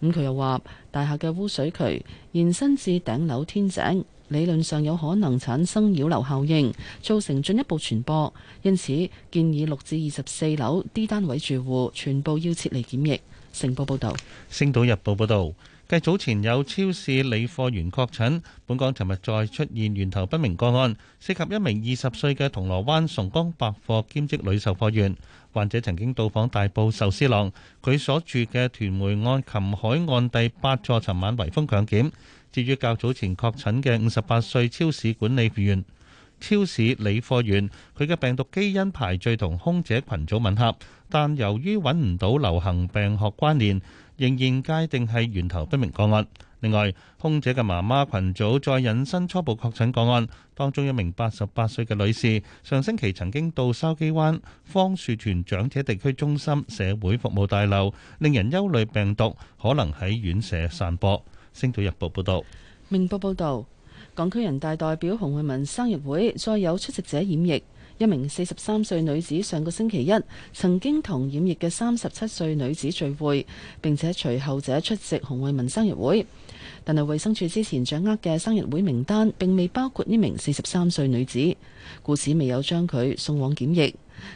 咁佢又話，大廈嘅污水渠延伸至頂樓天井，理論上有可能產生擾流效應，造成進一步傳播，因此建議六至二十四樓啲單位住戶全部要撤離檢疫。成報報導，《星島日報》報導，繼早前有超市理貨員確診，本港尋日再出現源頭不明個案，涉及一名二十歲嘅銅鑼灣崇光百貨兼職女售貨員。患者曾經到訪大埔壽司郎，佢所住嘅屯門安琴海岸第八座，尋晚圍封強檢。至於較早前確診嘅五十八歲超市管理員、超市理貨員，佢嘅病毒基因排序同空姐群組吻合。但由於揾唔到流行病學關聯，仍然界定係源頭不明個案。另外，空姐嘅媽媽群組再引申初步確診個案，當中一名八十八歲嘅女士，上星期曾經到筲箕灣方樹泉長者地區中心社會服務大樓，令人憂慮病毒可能喺院舍散播。星島日報報道，明報報道，港區人大代表洪為民生日會再有出席者染疫。一名四十三歲女子上個星期一曾經同染疫嘅三十七歲女子聚會，並且隨後者出席洪慧文生日會。但係衛生署之前掌握嘅生日會名單並未包括呢名四十三歲女子，故此未有將佢送往檢疫。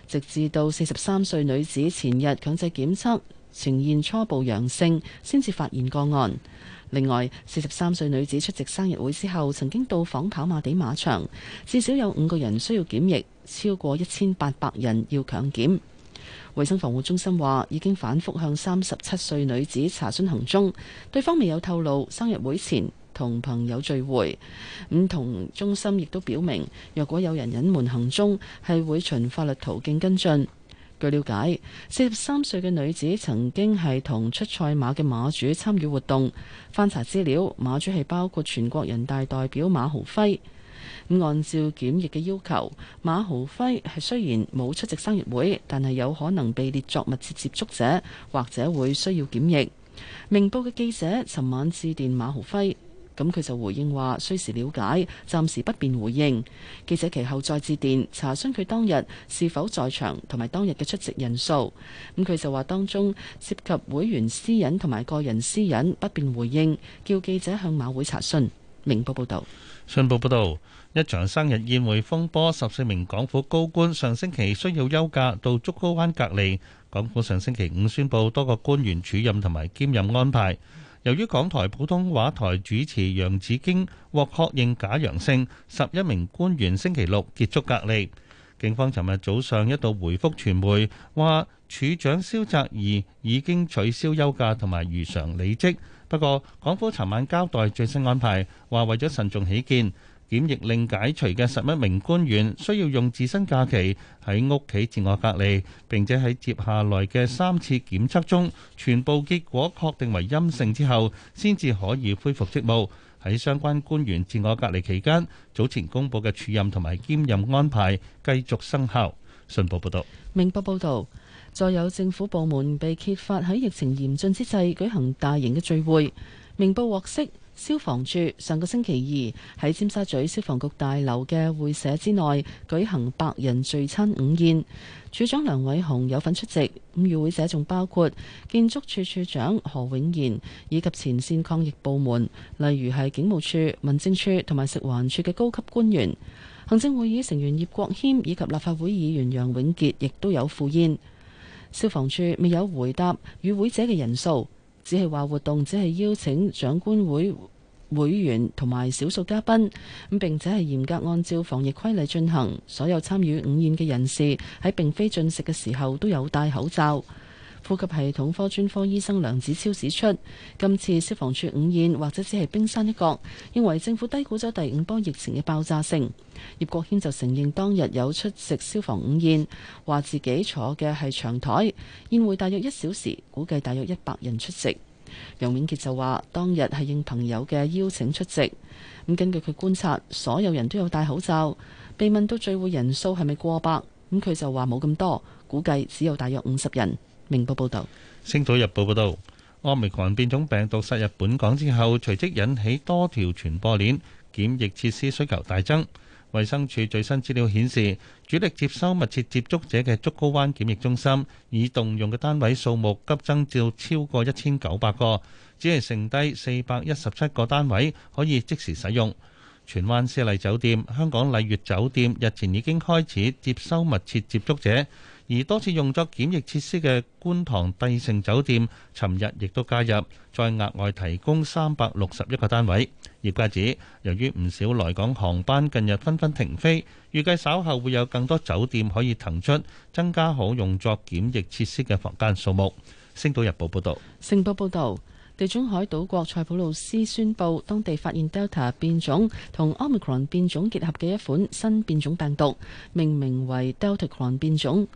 直至到四十三歲女子前日強制檢測，呈現初步陽性，先至發現個案。另外，四十三歲女子出席生日會之後，曾經到訪跑馬地馬場，至少有五個人需要檢疫，超過一千八百人要強檢。衛生防護中心話已經反覆向三十七歲女子查詢行蹤，對方未有透露生日會前同朋友聚會。唔同中心亦都表明，若果有人隱瞞行蹤，係會循法律途徑跟進。據了解，四十三歲嘅女子曾經係同出賽馬嘅馬主參與活動。翻查資料，馬主係包括全國人大代表馬豪輝。按照檢疫嘅要求，馬豪輝係雖然冇出席生日會，但係有可能被列作密切接觸者，或者會需要檢疫。明報嘅記者尋晚致電馬豪輝。咁佢就回應話：需時了解，暫時不便回應。記者其後再致電查詢佢當日是否在場同埋當日嘅出席人數。咁佢就話當中涉及會員私隱同埋個人私隱，不便回應，叫記者向馬會查詢。明報報道，信報報道，一場生日宴會風波，十四名港府高官上星期需要休假到竹篙灣隔離。港府上星期五宣布多個官員署任同埋兼任安排。由於港台普通話台主持楊子京獲確認假陽性，十一名官員星期六結束隔離。警方尋日早上一度回覆傳媒，話處長蕭澤頤已經取消休假同埋如常履職。不過，港府尋晚交代最新安排，話為咗慎重起見。檢疫令解除嘅十一名官員需要用自身假期喺屋企自我隔離，並且喺接下來嘅三次檢測中全部結果確定為陰性之後，先至可以恢復職務。喺相關官員自我隔離期間，早前公布嘅署任同埋兼任安排繼續生效。信報報道，明報報道，再有政府部門被揭發喺疫情嚴峻之際舉行大型嘅聚會。明報獲悉。消防處上個星期二喺尖沙咀消防局大樓嘅會社之內舉行百人聚餐午宴，處長梁偉雄有份出席。與會者仲包括建築處處長何永賢以及前線抗疫部門，例如係警務處、民政處同埋食環處嘅高級官員。行政會議成員葉國謙以及立法會議員楊永傑亦都有赴宴。消防處未有回答與會者嘅人數，只係話活動只係邀請長官會會員同埋少數嘉賓，咁並且係嚴格按照防疫規例進行。所有參與午宴嘅人士喺並非進食嘅時候都有戴口罩。呼吸系統科專科醫生梁子超指出，今次消防處午宴或者只係冰山一角，認為政府低估咗第五波疫情嘅爆炸性。葉國軒就承認當日有出席消防午宴，話自己坐嘅係長台，宴會大約一小時，估計大約一百人出席。楊永杰就話當日係應朋友嘅邀請出席，咁根據佢觀察，所有人都有戴口罩。被問到聚會人數係咪過百，咁佢就話冇咁多，估計只有大約五十人。明報報道，《星島日報》報道，奧密克戎變種病毒殺入本港之後，隨即引起多條傳播鏈，檢疫設施需求大增。衛生署最新資料顯示，主力接收密切接觸者嘅竹篙灣檢疫中心，已動用嘅單位數目急增至超過一千九百個，只係剩低四百一十七個單位可以即時使用。荃灣涉麗酒店、香港麗悦酒店日前已經開始接收密切接觸者。而多次用作檢疫設施嘅觀塘帝盛酒店，尋日亦都加入，再額外提供三百六十一個單位。業界指，由於唔少來港航班近日紛紛停飛，預計稍後會有更多酒店可以騰出，增加好用作檢疫設施嘅房間數目。星島日報報道。星報報導。地中海島國塞浦路斯宣布，當地發現 Delta 變種同 Omicron 變種結合嘅一款新變種病毒，命名為 Deltacron 變種。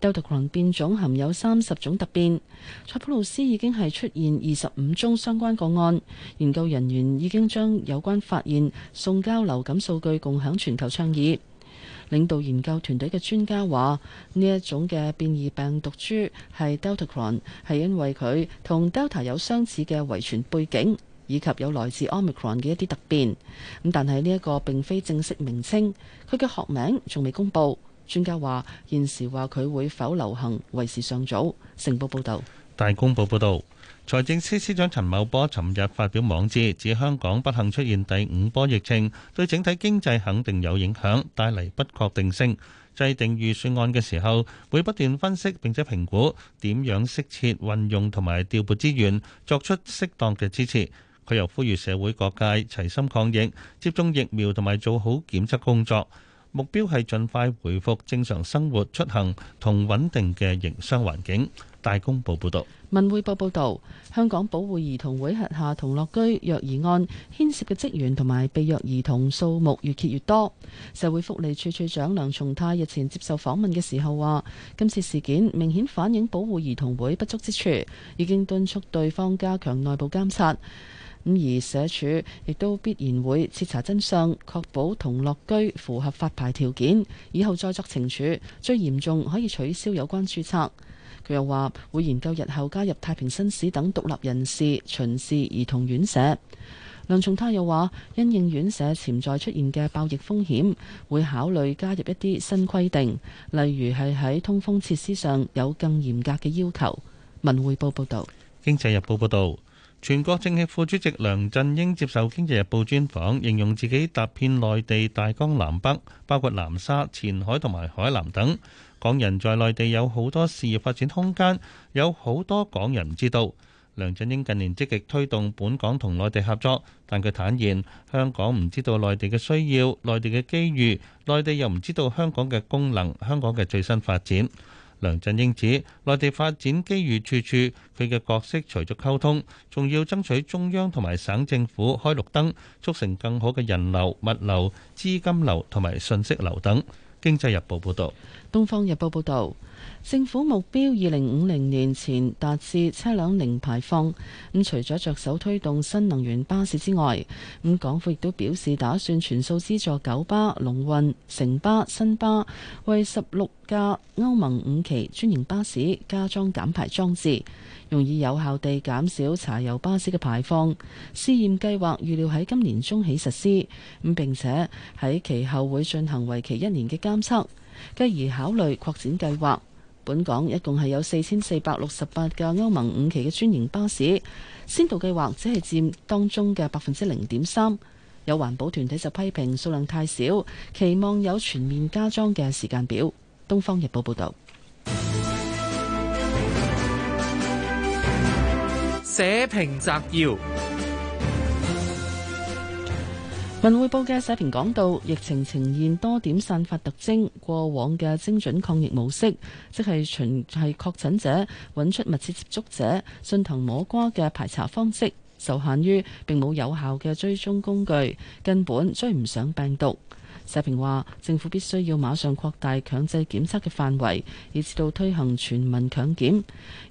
Deltacron 變種含有三十種突變。塞浦路斯已經係出現二十五宗相關個案，研究人員已經將有關發現送交流感數據共享全球倡議。領導研究團隊嘅專家話：呢一種嘅變異病毒株係 Deltacron，係因為佢同 Delta 有相似嘅遺傳背景，以及有來自 Omicron 嘅一啲突變。咁但係呢一個並非正式名稱，佢嘅學名仲未公布。專家話現時話佢會否流行，為時尚早。成報報道。大公報報道。財政司司長陳茂波尋日發表網誌，指香港不幸出現第五波疫情，對整體經濟肯定有影響，帶嚟不確定性。制定預算案嘅時候，會不斷分析並且評估點樣適切運用同埋調撥資源，作出適當嘅支持。佢又呼籲社會各界齊心抗疫，接種疫苗同埋做好檢測工作，目標係盡快回復正常生活、出行同穩定嘅營商環境。大公報報道，文匯報報道，香港保護兒童會轄下同樂居虐兒案牽涉嘅職員同埋被虐兒童數目越揭越多。社會福利署署長梁松泰日前接受訪問嘅時候話，今次事件明顯反映保護兒童會不足之處，已經敦促對方加強內部監察。咁而社署亦都必然會徹查真相，確保同樂居符合發牌條件，以後再作懲處，最嚴重可以取消有關注冊。佢又話會研究日後加入太平紳士等獨立人士巡視兒童院舍。梁重泰又話，因應院舍潛在出現嘅爆疫風險，會考慮加入一啲新規定，例如係喺通風設施上有更嚴格嘅要求。文匯報報導，《經濟日報》報導，全國政協副主席梁振英接受《經濟日報》專訪，形容自己踏遍內地大江南北，包括南沙、前海同埋海南等。港人在內地有好多事業發展空間，有好多港人唔知道。梁振英近年積極推動本港同內地合作，但佢坦言香港唔知道內地嘅需要、內地嘅機遇，內地又唔知道香港嘅功能、香港嘅最新發展。梁振英指內地發展機遇處處，佢嘅角色除咗溝通，仲要爭取中央同埋省政府開綠燈，促成更好嘅人流、物流、資金流同埋信息流等。經濟日報報道，東方日報報道。政府目標二零五零年前達至車輛零排放。咁、嗯、除咗着手推動新能源巴士之外，咁、嗯、港府亦都表示打算全數資助九巴、龍運、城巴、新巴為十六架歐盟五期專營巴士加裝減排裝置，用以有效地減少柴油巴士嘅排放。試驗計劃預料喺今年中起實施，咁、嗯、並且喺其後會進行為期一年嘅監測，繼而考慮擴展計劃。本港一共係有四千四百六十八架歐盟五期嘅專營巴士，先導計劃只係佔當中嘅百分之零點三，有環保團體就批評數量太少，期望有全面加裝嘅時間表。《東方日報》報道。社評摘要。文匯報嘅社評講到，疫情呈現多點散發特徵，過往嘅精準抗疫模式，即係循係確診者揾出密切接觸者，順藤摸瓜嘅排查方式，受限於並冇有，有效嘅追蹤工具，根本追唔上病毒。社評話，政府必須要馬上擴大強制檢測嘅範圍，以至到推行全民強檢，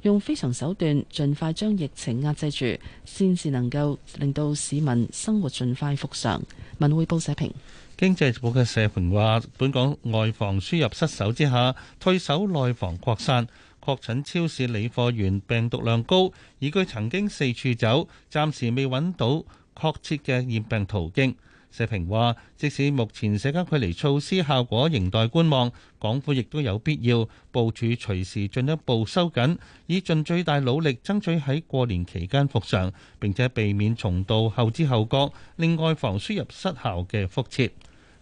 用非常手段，盡快將疫情壓制住，先至能夠令到市民生活盡快復常。文匯報社評：經濟部嘅社評話，本港外防輸入失守之下，退守內防擴散。確診超市理貨員病毒量高，以佢曾經四處走，暫時未揾到確切嘅染病途徑。社評話：即使目前社交距離措施效果仍待觀望，港府亦都有必要部署隨時進一步收緊，以盡最大努力爭取喺過年期間復常，並且避免重蹈後知後覺令外防輸入失效嘅覆轍。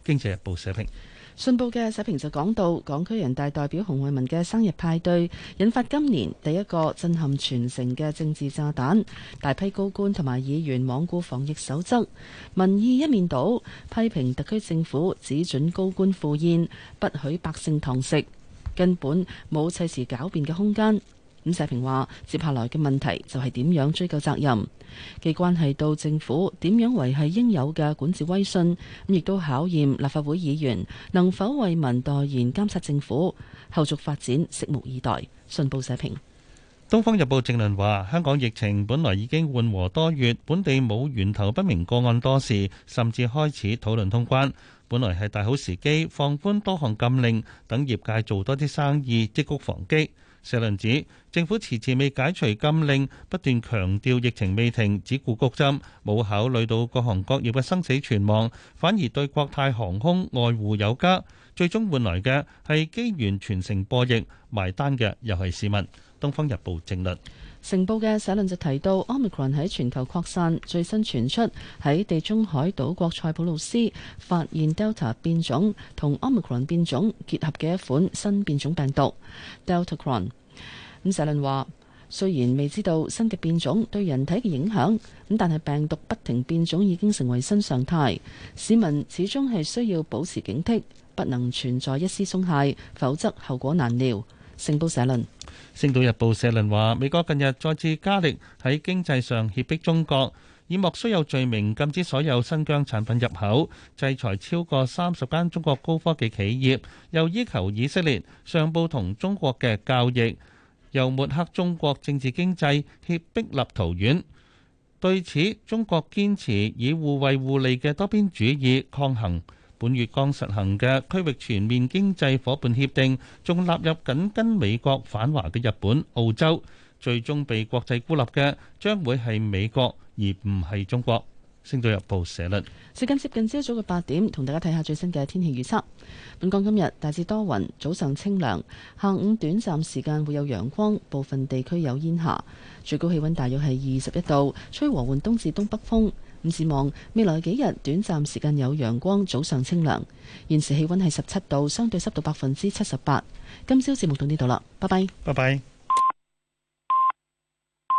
經濟日報社評。信報嘅社評就講到，港區人大代表洪為民嘅生日派對，引發今年第一個震撼全城嘅政治炸彈。大批高官同埋議員罔顧防疫守則，民意一面倒，批評特區政府只准高官赴宴，不許百姓堂食，根本冇砌時狡辯嘅空間。咁社評話，接下來嘅問題就係點樣追究責任，既關係到政府點樣維繫應有嘅管治威信，咁亦都考驗立法會議員能否為民代言監察政府。後續發展，拭目以待。信報社評，《東方日報》正論話，香港疫情本來已經緩和多月，本地冇源頭不明個案多時，甚至開始討論通關，本來係大好時機，放寬多項禁令，等業界做多啲生意積穀防饑。社論指，政府遲遲未解除禁令，不斷強調疫情未停，只顧谷針，冇考慮到各行各業嘅生死存亡，反而對國泰航空愛護有加，最終換來嘅係機員全城播疫，埋單嘅又係市民。《東方日報》正論。成報嘅社論就提到，Omicron 喺全球擴散，最新傳出喺地中海島國塞浦路斯發現 Delta 變種同 Omicron 變種結合嘅一款新變種病毒 Delta Cron。咁社論話，雖然未知道新嘅變種對人體嘅影響，咁但係病毒不停變種已經成為新常態，市民始終係需要保持警惕，不能存在一絲鬆懈，否則後果難料。成報社論。《星島日報》社論話：美國近日再次加力喺經濟上脅迫中國，以莫須有罪名禁止所有新疆產品入口，制裁超過三十間中國高科技企業，又要求以色列上報同中國嘅交易，又抹黑中國政治經濟，脅迫立陶宛。對此，中國堅持以互惠互利嘅多邊主義抗衡。本月剛實行嘅區域全面經濟伙伴協定，仲納入緊跟美國反華嘅日本、澳洲，最終被國際孤立嘅將會係美國，而唔係中國。星島日報社論。時間接近朝早嘅八點，同大家睇下最新嘅天氣預測。本港今日大致多雲，早上清涼，下午短暫時間會有陽光，部分地區有煙霞。最高氣温大約係二十一度，吹和緩東至東北風。展望未來幾日短暫時間有陽光，早上清涼。現時氣溫係十七度，相對濕度百分之七十八。今朝節目到呢度啦，拜拜。拜拜。